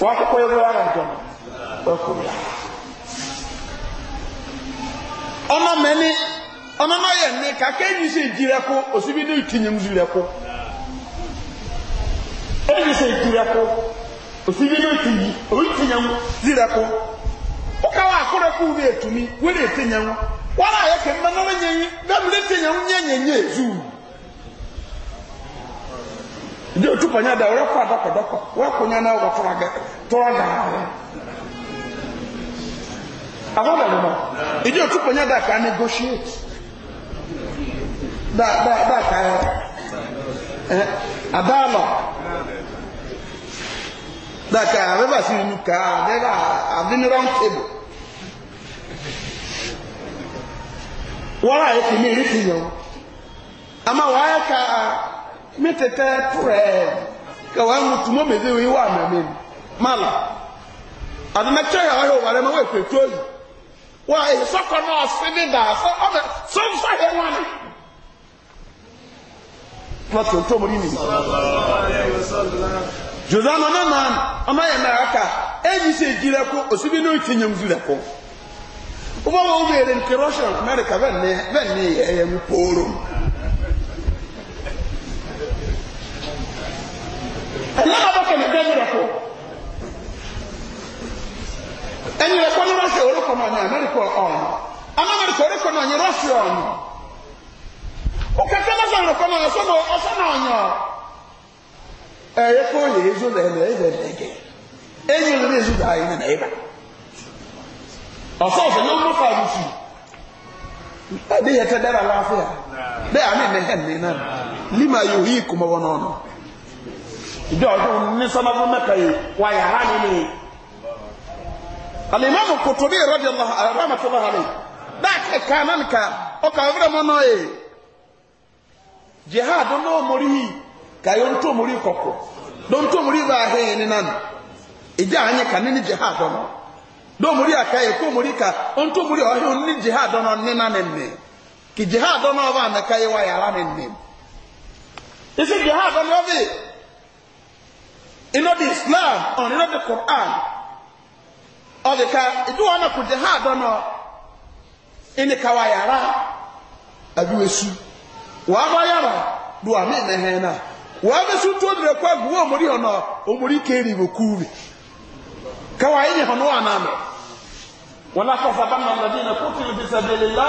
wakɔkɔ yɛ wura ntɔn ɔkɔ ya ɔna mɛni ɔna n'ayɛ ni kake yi se di rɛ ko osibi ne ti nyɛ musu rɛ ko eyi se di rɛ ko osibi ne ti yi oyi ti nyɛ musu rɛ ko woka wa akɔrɔ ko wuli etumi wuli eti nyɛ mu wala ayɛ kɛmɛ n'ale nyɛ yi dɛmu ne ti nyɛ mu nyɛ zuu ndị otu panya da were kwa adakọ dakọ were kwụnya na ụgwọ tụra ga agbadara ndị otu panya da ka negotiate da da da ka adala da ka reba si nu ka reba adini round table wọ́n á yẹ kìíní ìrìkì yẹn o àmà wọ́n á yẹ ká. mi tẹtẹ pẹrẹ kẹwàá ń tún mọmì ẹdínwó wà mala àdìmẹkẹ yà wáyé òwàrẹ mọ wọ èpè tó yìí wà èyí sọkọ náà sídì dà sọ ọbẹ sọmsọ yẹ wọn ni. tó mo ọmọ náà ọmọ yẹn náà kà ní ìtì wọ́n wọ́n wọ́n wọ́n wọ́n wọ́n wọ́n wọ́n wọ́n wọ́n wọ́n wọ́n wọ́n wọ́n lọ́nà bọ́ kẹ̀lẹ́ bẹ́ẹ̀ yẹrẹ kọ́ ẹni rẹ̀ kọ́ ní rọ́ọ̀sì orúkọ náà ní amẹ́ríkà ọ̀nà amẹ́ríkà orúkọ náà ní rọ́ọ̀sì ọ̀nà òkèké lọ́sàn rẹ̀ kọ́ náà sọ́nà ọ̀sánà ọ̀nà ẹ̀yẹ kó yẹ ezo lẹ́lẹ́ ẹ̀yẹ lẹ́gẹ̀ ẹ̀yẹ lẹ́lẹ́ ezo dà yín nà ẹ̀bà ọ̀sán ọ̀sán yóò mú fàájú sí i ẹ̀dẹ́yẹ tẹ́ dára láàfíà bẹ́ẹ̀ àmì mẹ́hẹ́ mi náà lima yòóyì kùmọ̀wọ́ náà náà. ìjọ ọdún ní sọmọdún mẹ́ta yìí wà ni ni alimami kotori rọdí rahmatulah ali dáàkì kánánìkà ọkà ọbẹrẹ mọ náà yìí jihad náà mọrí yìí kàyọ ntọ́ mọrí kọ̀kọ̀ dọ́ ntọ́ mọrí bá ahẹ́yìn ní jihad ọ̀nà àká ká ntọ́ jihad ọ̀nà kì jihad ọ̀nà yẹ ni ìsì jihad ọ̀nà ino islam on ino di quran ọdịka idu ọna kụ ndị ọnọ ịnịkawa yara aduwesu wàá bá yàrá do àmì mẹhẹ náà wàá bẹ sùn tó dìrẹ kó agbowó omori ọ̀nà omori kéèrè ìwòkú rẹ káwa yìí hàn wà náà mẹ. wọn na bá nà ọ̀nà dínà kó tìlù bìsà bẹ̀lẹ̀ lá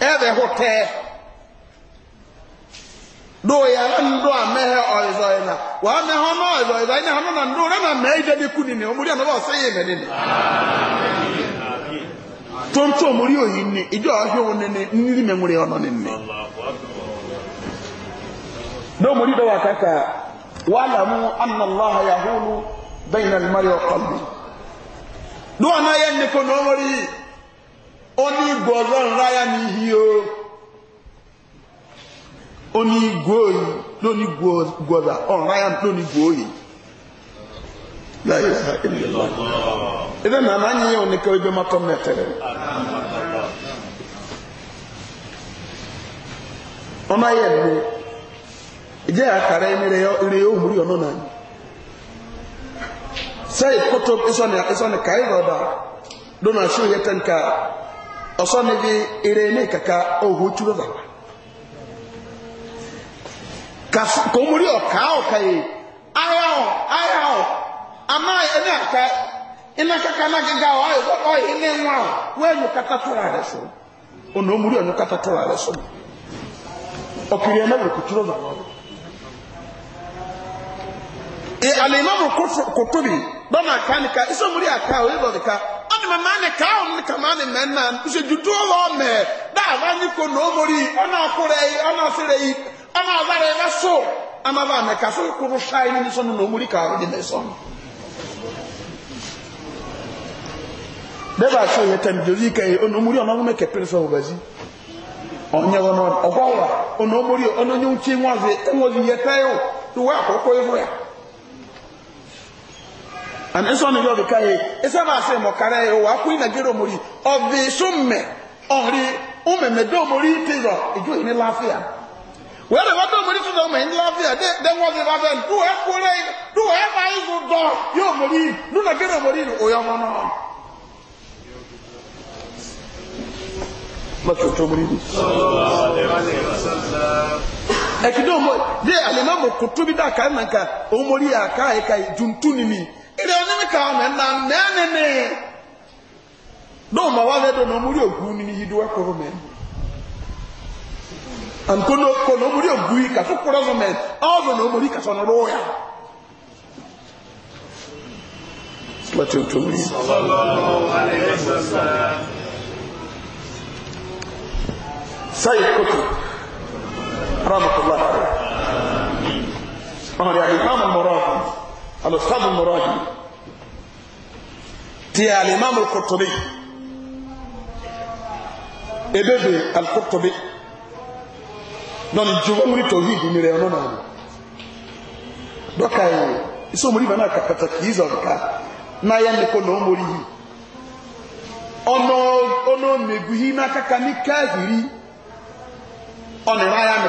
ebe hote do ya ndo amehe oizo ina wa me hono oizo ina na ndo na me ide de kuni ni omuri na ba so ye me ni amen ahịa omuri oyin ni nri ono ni ni do omuri do anna allah onye igwe ọzọ nra ya n'ihi onye igwe oyi lónìí ọra ya lónìí oyi ebe na anaghị ihe onye na ebe matọ metere ọnụ ahịa ebe ije ya kara emere ya omuri ọnụ na anyị ọsọni bi ire ne kaka ohu turo ba kòmúrí ọ̀ka ọ̀ka yìí e, aya ọ̀ aya ọ̀ àmà ẹni àká iná kaka e na gíga ọ̀ ayọ̀ bọ́kọ̀ yìí ní nwa ọ̀ wọ́n ẹ̀yọ̀ kata tóra rẹ̀ sọ ọ̀nà òmúrí ọ̀nà kata tóra rẹ̀ sọ ọ̀kiri ẹ̀ náà kò turo ba ọ̀ alẹ́ iná mú kótóbi bọ́mà ká nìka ìsọ̀múrí àká ọ̀ yìí bọ̀ nìka mama ne kaa ɔmo ne kama ne mɛma nsedutu wɔ mɛ daaba ne ko na omori ɔna akora yi ɔna asere yi ɔna azara yi ɛso ama ba mɛ kaso koro hyai ne nisɔn na omori kaa ɔde nisɔn. bɛɛ b'a sɛ yɛ tɛn dozi ka yi ɔna omori ɔna ɔmo mɛ kɛpere fɛ ɔbazi ɔnyɛ wɔn ɔbɔ wa ɔna omori ɔna onye ŋutsi ŋwaze ŋwaze yɛ tɛ yɛ o to e wa akɔkɔ yɛ fo ya. àmì sọ eh, oh, e ni yọ̀ọ̀dù káyé ẹsẹ̀ máa ṣe mọ̀kárẹ́ yìí wà á kú ìnàgẹ́rẹ́ òmòrì ọ̀bì súnmẹ̀ ọ̀rí ọmọmẹ̀dẹ́ òmòrì tẹ̀yọ̀ ìjọ yìí ní láfíà wẹ́n lè wọ́n tó òmòrì fún ọmọ yìí ní láfíà dé wọ́n fi láfíà dú ẹ kúrẹ́ dú ẹ máa ń sùn dọ̀ yóò òmòrì lúnàgẹ́rẹ́ òmòrì òyà ọmọ náà. ẹ̀kídé òmòrì dé ilẹ̀ ọ̀nà ní kàwọn mẹ́ nà nẹ́ẹ̀nì ni dóòmà wà lẹ́dọ̀ nà ọmọdé ògùn ní yídú ẹ̀kọ́rọ̀ mẹ́ àǹkónókò nà ọmọdé ògùn yìí kàtó kúrọ́ sọ mẹ́ ọ̀dọ̀ nà ọmọdé kàtó nà rọ́ọ̀yà. sayi koto rahmatulah ọmọdé àyè káwọn الأستاذ المراهي تي الإمام القرطبي ebebe alkotobi dɔnni jogo muri tohi dumire ɔno naani dɔka yi e, iso muri bana kakata kii zɔn ka na ya ne ko na o mori yi ɔnɔ ɔnɔ meguhi na kaka ni kaahiri ɔnɛ na ya ne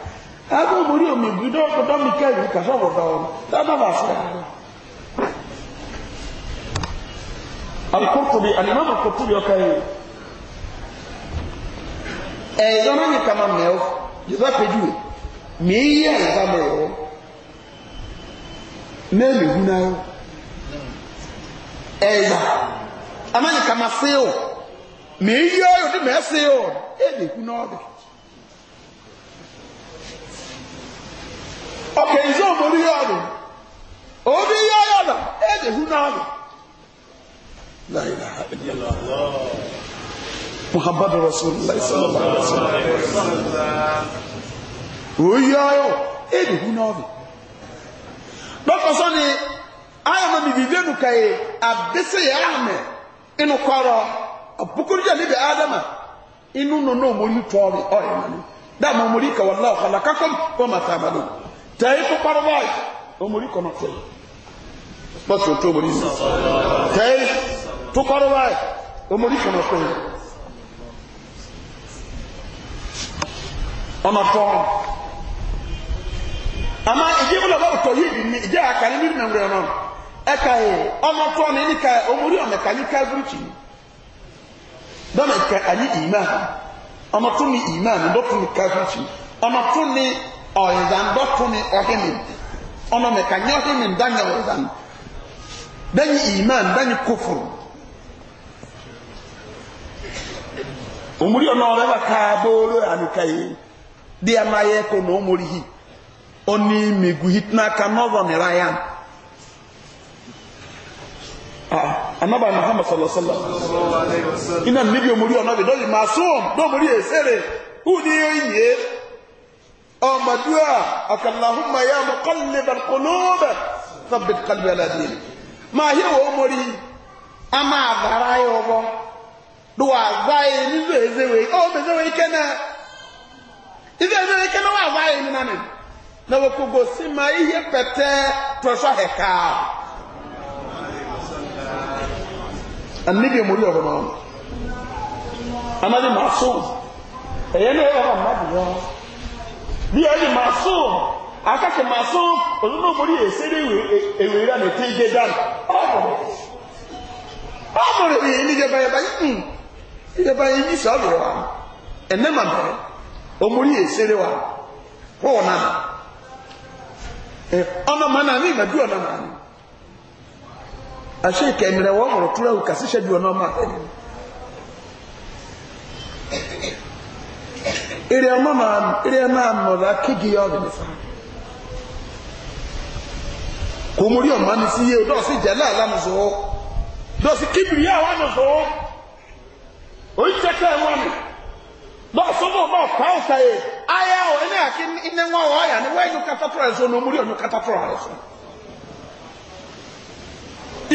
Ado omori omegbu dɔ dɔ mi ka ewu kasa wɔ dɔ ɔno dama ba se ara. Alikotobi alimami kotobi ɔka yi. Ɛyɔ nani kama mɛw yɛsɛ apɛju yi mii yi a yɛsɛ mɛw mɛmi hu na yɛ. Ɛyɔ amani kama se o mii yi a yɛ ɔdi mɛ se o ɛyɛ hu na ọkà ìzọ omori ya ọnụ obi ya ya na ede hu n'anụ muhammadu rasulullah sallallahu alaihi wasallam oyi ayọ ede hu n'anụ dọkọsọ ni ayọ na bibi benu ka ye abese ya ame inu kọrọ abukuru jẹ nibi adama inu nọ n'omori tọọri ọyọ nani dàmú omori ka wàllu ọkọlá kakọm wọn ma ta abalọ tẹ̀yí tó parọ́ báyìí omori kọ̀nà tẹ̀yí pọ́sùn tó omori sí tẹ̀yí tó parọ́ báyìí omori kọ̀nà tẹ̀yí ọ̀nà tọ́rọ̀ àmá ìdí ìwúlọ̀ bá òtò yìí dì ní ìdí àkàrí ní ìrìnàmìrì ọ̀nà ẹ̀ka ẹ̀ ọmọ tọ́rọ̀ ní níka omori ọ̀nà kàní káàbùrìkì dọ́nà ìka àní ìmáà ọmọ tó ní ìmáà ní dọ́tún ní káàbùrìkì ọmọ tó ní ọ̀yìnzàn dọ́tún ni ọ̀hìnì ọ̀nà mẹ́ka nyẹ́ ọ̀hìnì dányẹ ọ̀yìnzàn dányẹ ìmán dányẹ kófò òmùrí ọ̀nà ọ̀rẹ́ bá ká bóòrò ànúkà yìí dí ẹ̀ máa na kó nà òmùrí yìí ó ní mẹ́gu yìí tún aka nọ́ọ̀rọ̀ anaba ina bi أما دعاء اللهم يا مقلب القلوب ثبت قلبي على دينك ما هي أمري أما ذراي أبو دعاء ذاي نزوي زوي أو بزوي كنا إذا زوي كنا وذاي نمن نوكو غسما إيه بتا تشا هكا النبي مريو أبو أنا دي معصوم أيام يا رب ما bí ẹni màsúù akẹ́kẹ̀ẹ́ màsúù olùdókòrí èsèré èwè rẹ̀ ní tí dé dánù ọmọrẹ yìí ní ìjọba yẹn báyìí kùn ìjọba yẹn yìí sọ̀rọ̀ wa ẹ̀nẹ́ mà bẹ̀rẹ̀ omori èsèré wa wọ́ọ̀ náà ọ̀nà màná ní ìgbàdú ọ̀nà màná àṣẹ ìkẹmìrẹ wọ́n mọ̀rọ̀ túrẹ́wù ere ọmọ ma ere ma mọ̀lá kéde ya ọ̀dẹ̀ nìfà kò mú rí ọ̀ma ní sí yé o dọ́ọ̀sì jẹ́lá àlánà sọ́ọ́ dọ́ọ̀sì kíbìrì yà wà nà sọ́ọ́ oyin tẹ́tẹ́ ẹ̀ wọ́n mi dọ́ọ̀sì ọmọ ọmọ ọ̀pá ọ̀sà yẹ ayé ọ̀ ẹ̀ náà kí ní wọn ọ̀ ọ̀yà ni wọ́n ẹ̀yìn kátàtúrọ̀ ẹ̀ sọ ní omúrí ọ̀nù kátàtúrọ̀ ẹ̀ sọ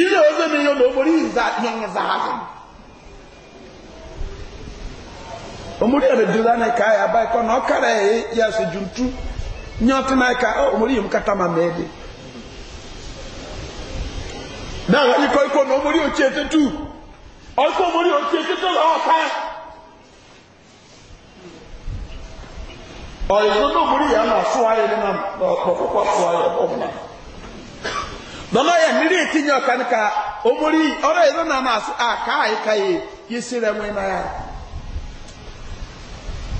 ilé ọ̀sẹ̀ mi yọ̀ ní omúrí ìzà yọ̀ ń zà á omuri abedula na ka ya ba ko no kara e, ya se juntu na ka omuri yum kata ma mede na ga ni ko no omuri o chete tu o ko o chete to ka o no ya na so aye na ko ko ko so aye o omori na ka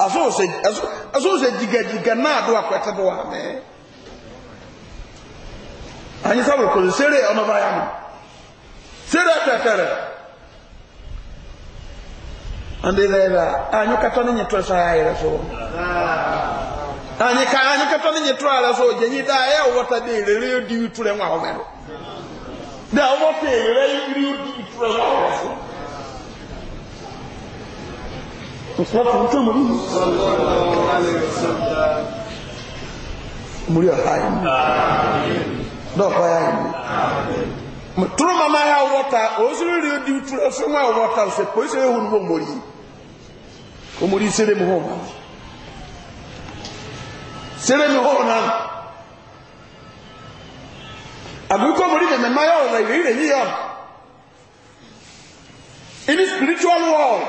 aso sɛ jigajiga naa do akɔɛtɛ do wa mɛ anyi sábà kòlì sèré ɔnɔba yà mọ sèré tɛtɛrɛ ɔndé lɛ la anyi katɔ ne nyitɔ sɔ ayɛ yɛrɛ so anyi ka anyi katɔ ne nyitɔ ayɛ so jɛnyi da ayɛ wɔta de yɛrɛ yɛ di tu rɛ ŋu awɔ mɛ do de awɔ te yɛrɛ yɛ di tu ŋu awɔ so. wọ́n fún tó mú rí múrí ọ̀há ya wọta osiri di turu fún wa wọta ọsẹ pé ṣe ehun wo mori omori sere mu hàn sere mu hàn náà àbíkọ́ mori spiritual world.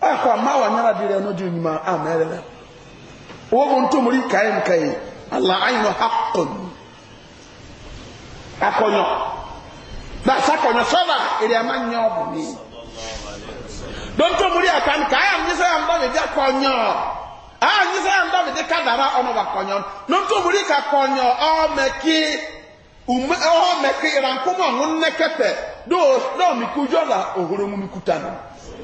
akwa mawa nyara dire no di nyima amerere wo bo ntomori kai mkai allah ainu haqqun akonyo ba sakonyo sala iri amanyo obu ni don tomori akan ka am nyisa ya ba de akonyo nyisa ya ba kadara ọnụ ka konyo o meki ume o meki ran ohoro mu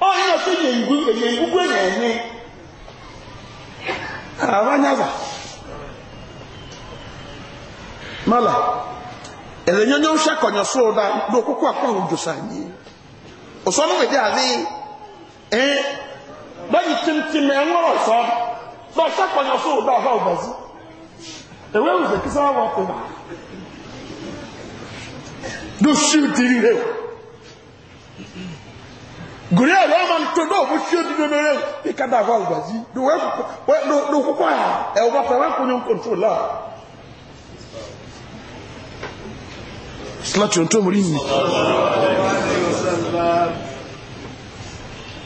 ọ̀hìn ọ̀sẹ̀ e, e e na ìgbúgbé nẹ̀ẹ̀ni àwányàzà mọ́là ẹ̀lẹ́nyọ́nyọ́ ń ṣẹ́kọ̀nyọ̀ sóòdá ló kókó so ụda n'okwukwo ọ̀sọ́nù wèdí àdé ẹ́ báyìí tìmtìmì ẹ̀wọ̀n ọ̀sọ́ lọ ṣẹ́kọ̀nyọ̀ sóòdá ọ̀há ọ̀bàzí ẹ̀wẹ́ òṣè kí sáwọn ọkọ̀ ntɔ dɔw bɛ fiyɛ dundun dɛ i ka da fɔ alubazi do wɛ do do koko a ɛ o b'a fɔ a b'a ko ɲɔgɔn kɔntro la. silati o tó mori mi.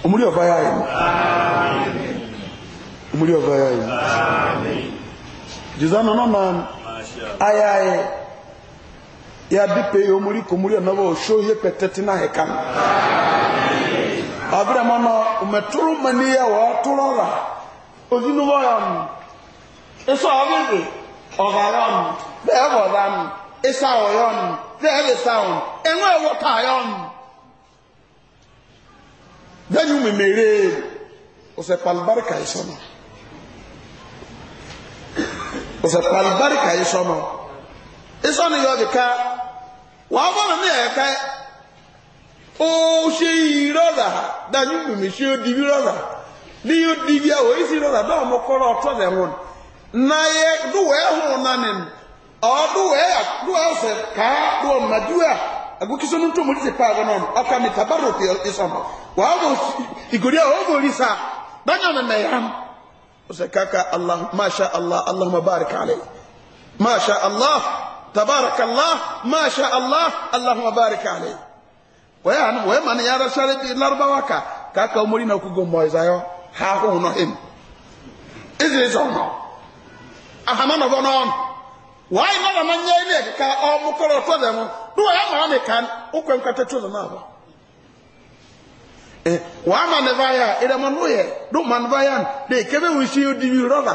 omori ɔba y'a ye. omori ɔba y'a ye. jesus nana na a y'a ye ya bi pe omori ko omori ɔnabɔ o so ye n'a ye kan. abira tụrụ umeturu mani ya wa turora odinu boyan mụ abibe ogaran be ogaran isa oyon be ele sound enwe wota yon danyu memere o se pal barka isono e o se pal barka isono e isono e yo de ka ka ó ṣe ìrọ̀là dájú bùnmi ṣe ó di rọ̀là ní ó di bí àwọn èsì rọ̀là náà mo kọ́ ọ̀tọ̀ rẹ̀ wọn. náyẹ dúwẹ́ hùn nánìm ọ̀dúwẹ́ dúwẹ́ ọ̀sẹ̀ káá dúwọ̀ màdúwà agbókísọ́ ní tó mo ti pa àwọn ọ̀nà ọkà mi tàbárò fi ìsọ̀nà wà á bò ìgòrí àwọn òbò rí sa dájú ọ̀nà mẹ́yà ọ̀sẹ̀ káka allah masha allah allah mubarak alayhi masha allah tabarak allah masha allah Allahumma barik alayhi. wee ma na ya arachara ebe larụbawa ka ka aka omori na okwugo moizayo ha ahụhụ nọ nọgọ n'ọnụ na nye ile ka ọ mụkọrọ ọtọ dị ya mara ka ụkwe nkata chụzụ na abụọ wàá ma nìfà yà ìdàmọ̀ ma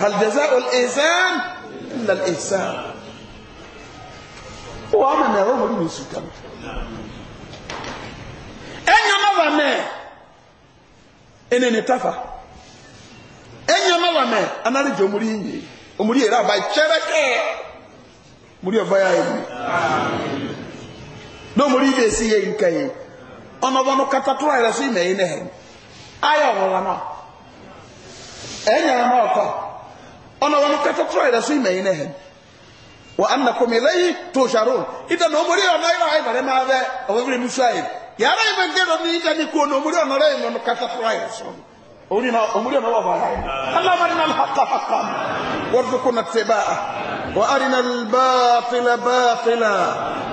هل جزاء الإحسان إلا الإحسان هو أنا ما من سكان؟ أنا ما وما إن نتفا أنا ما وما أنا رجع مريني ومري راه باي شركة مري أبايا إني no muri de si ye nkai ono bono katatura ira si me ine he ayo wala ọ̀nà wọn kẹtọ tọ́ ẹ̀rẹ́ sí ìmẹ̀yìn náà hẹn wọ́n á nà kọ́mi lẹ́yìn tó ṣàrún ìdá nà ọmọdé ọ̀nà yìí wáyé bàrẹ̀ máa bẹ ọ̀wé fúnni musa yìí yàrá yìí bẹ́ẹ̀ dẹ́rọ ní ìjà ní kú ọ̀nà ọmọdé ọ̀nà lẹ́yìn lọ́nà kẹtọ tọ́ ẹ̀rẹ́ sọ أولينا أمورنا وضعنا اللهم أرنا الحق حقا وارزقنا اتباعه وأرنا الباطل باطلا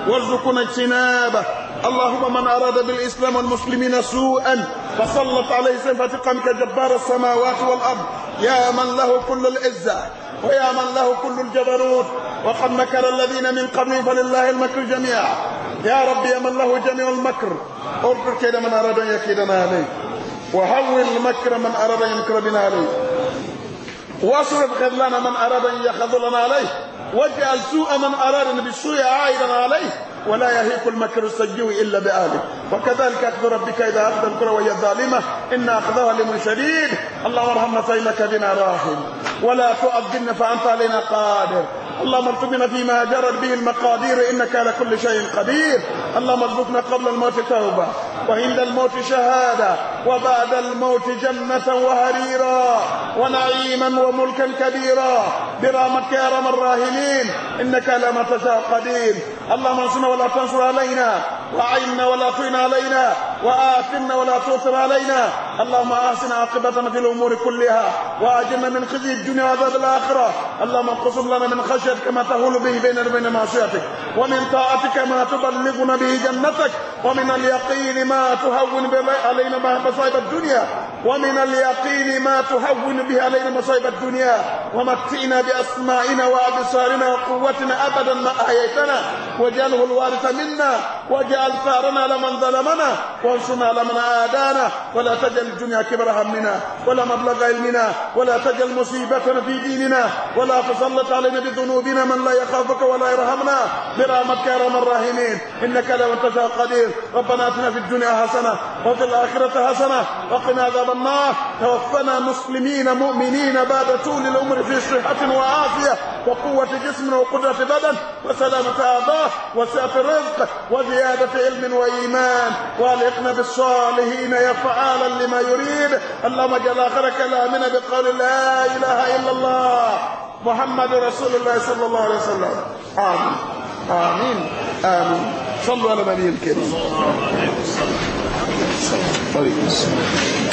وارزقنا اجتنابه اللهم من أراد بالإسلام والمسلمين سوءا فسلط عليه سيفتقا كجبار السماوات والأرض يا من له كل العزة ويا من له كل الجبروت وقد مكر الذين من قبل فلله المكر جميعا يا رب يا من له جميع المكر أركر كيد من أراد أن يكيدنا عليه وهول المكر من أراد أن يمكر بنا عليه واصرف خذلان من أراد أن يخذلنا عليه واجعل سوء من أراد بالسوء عائدا عليه ولا يهيق المكر السجوي إلا بآله وكذلك أخذ ربك إذا أخذ القرى وهي ظالمة إن أخذها لمن شديد الله ارحمنا فإنك بنا راحم ولا تؤذن فأنت علينا قادر اللهم ارزقنا فيما جرت به المقادير إنك على كل شيء قدير اللهم ارزقنا قبل الموت توبة وعند الموت شهادة وبعد الموت جنة وهريرا ونعيما وملكا كبيرا برامك يا رب الراهنين إنك على ما تشاء قدير اللهم انصرنا ولا تنصر علينا وأعنا ولا تعن علينا وآثنا ولا تؤثر علينا اللهم أحسن عاقبتنا في الأمور كلها وأجرنا من خزي الدنيا وعذاب الآخرة اللهم انقصر لنا من خشيتك ما تهول به بيننا وبين معصيتك ومن طاعتك ما تبلغنا به جنتك ومن اليقين ما تهون به علينا مصائب الدنيا ومن اليقين ما تهون به علينا مصائب الدنيا ومتعنا بأسمائنا وأبصارنا وقوتنا أبدا ما أحييتنا واجعله الوارث منا واجعل ثارنا لمن ظلمنا وانصرنا لمن عادانا ولا تجعل الدنيا كبر همنا ولا مبلغ علمنا ولا تجعل مصيبتنا في ديننا ولا تسلط علينا بذنوبنا من لا يخافك ولا يرحمنا برحمتك يا ارحم الراحمين انك لو تشاء قدير ربنا اتنا في الدنيا حسنه وفي الاخره حسنه وقنا عذاب النار توفنا مسلمين مؤمنين بعد طول العمر في صحه وعافيه وقوه جسم وقدره بدن وسلامه اعضاء وسعه في الرزق وزيادة علم وإيمان وألقنا بالصالحين يا فعالا لما يريد اللهم جل آخر كلامنا بقول لا إله إلا الله محمد رسول الله صلى الله عليه وسلم آمين آمين آمين صلوا على النبي الكريم صلى الله عليه وسلم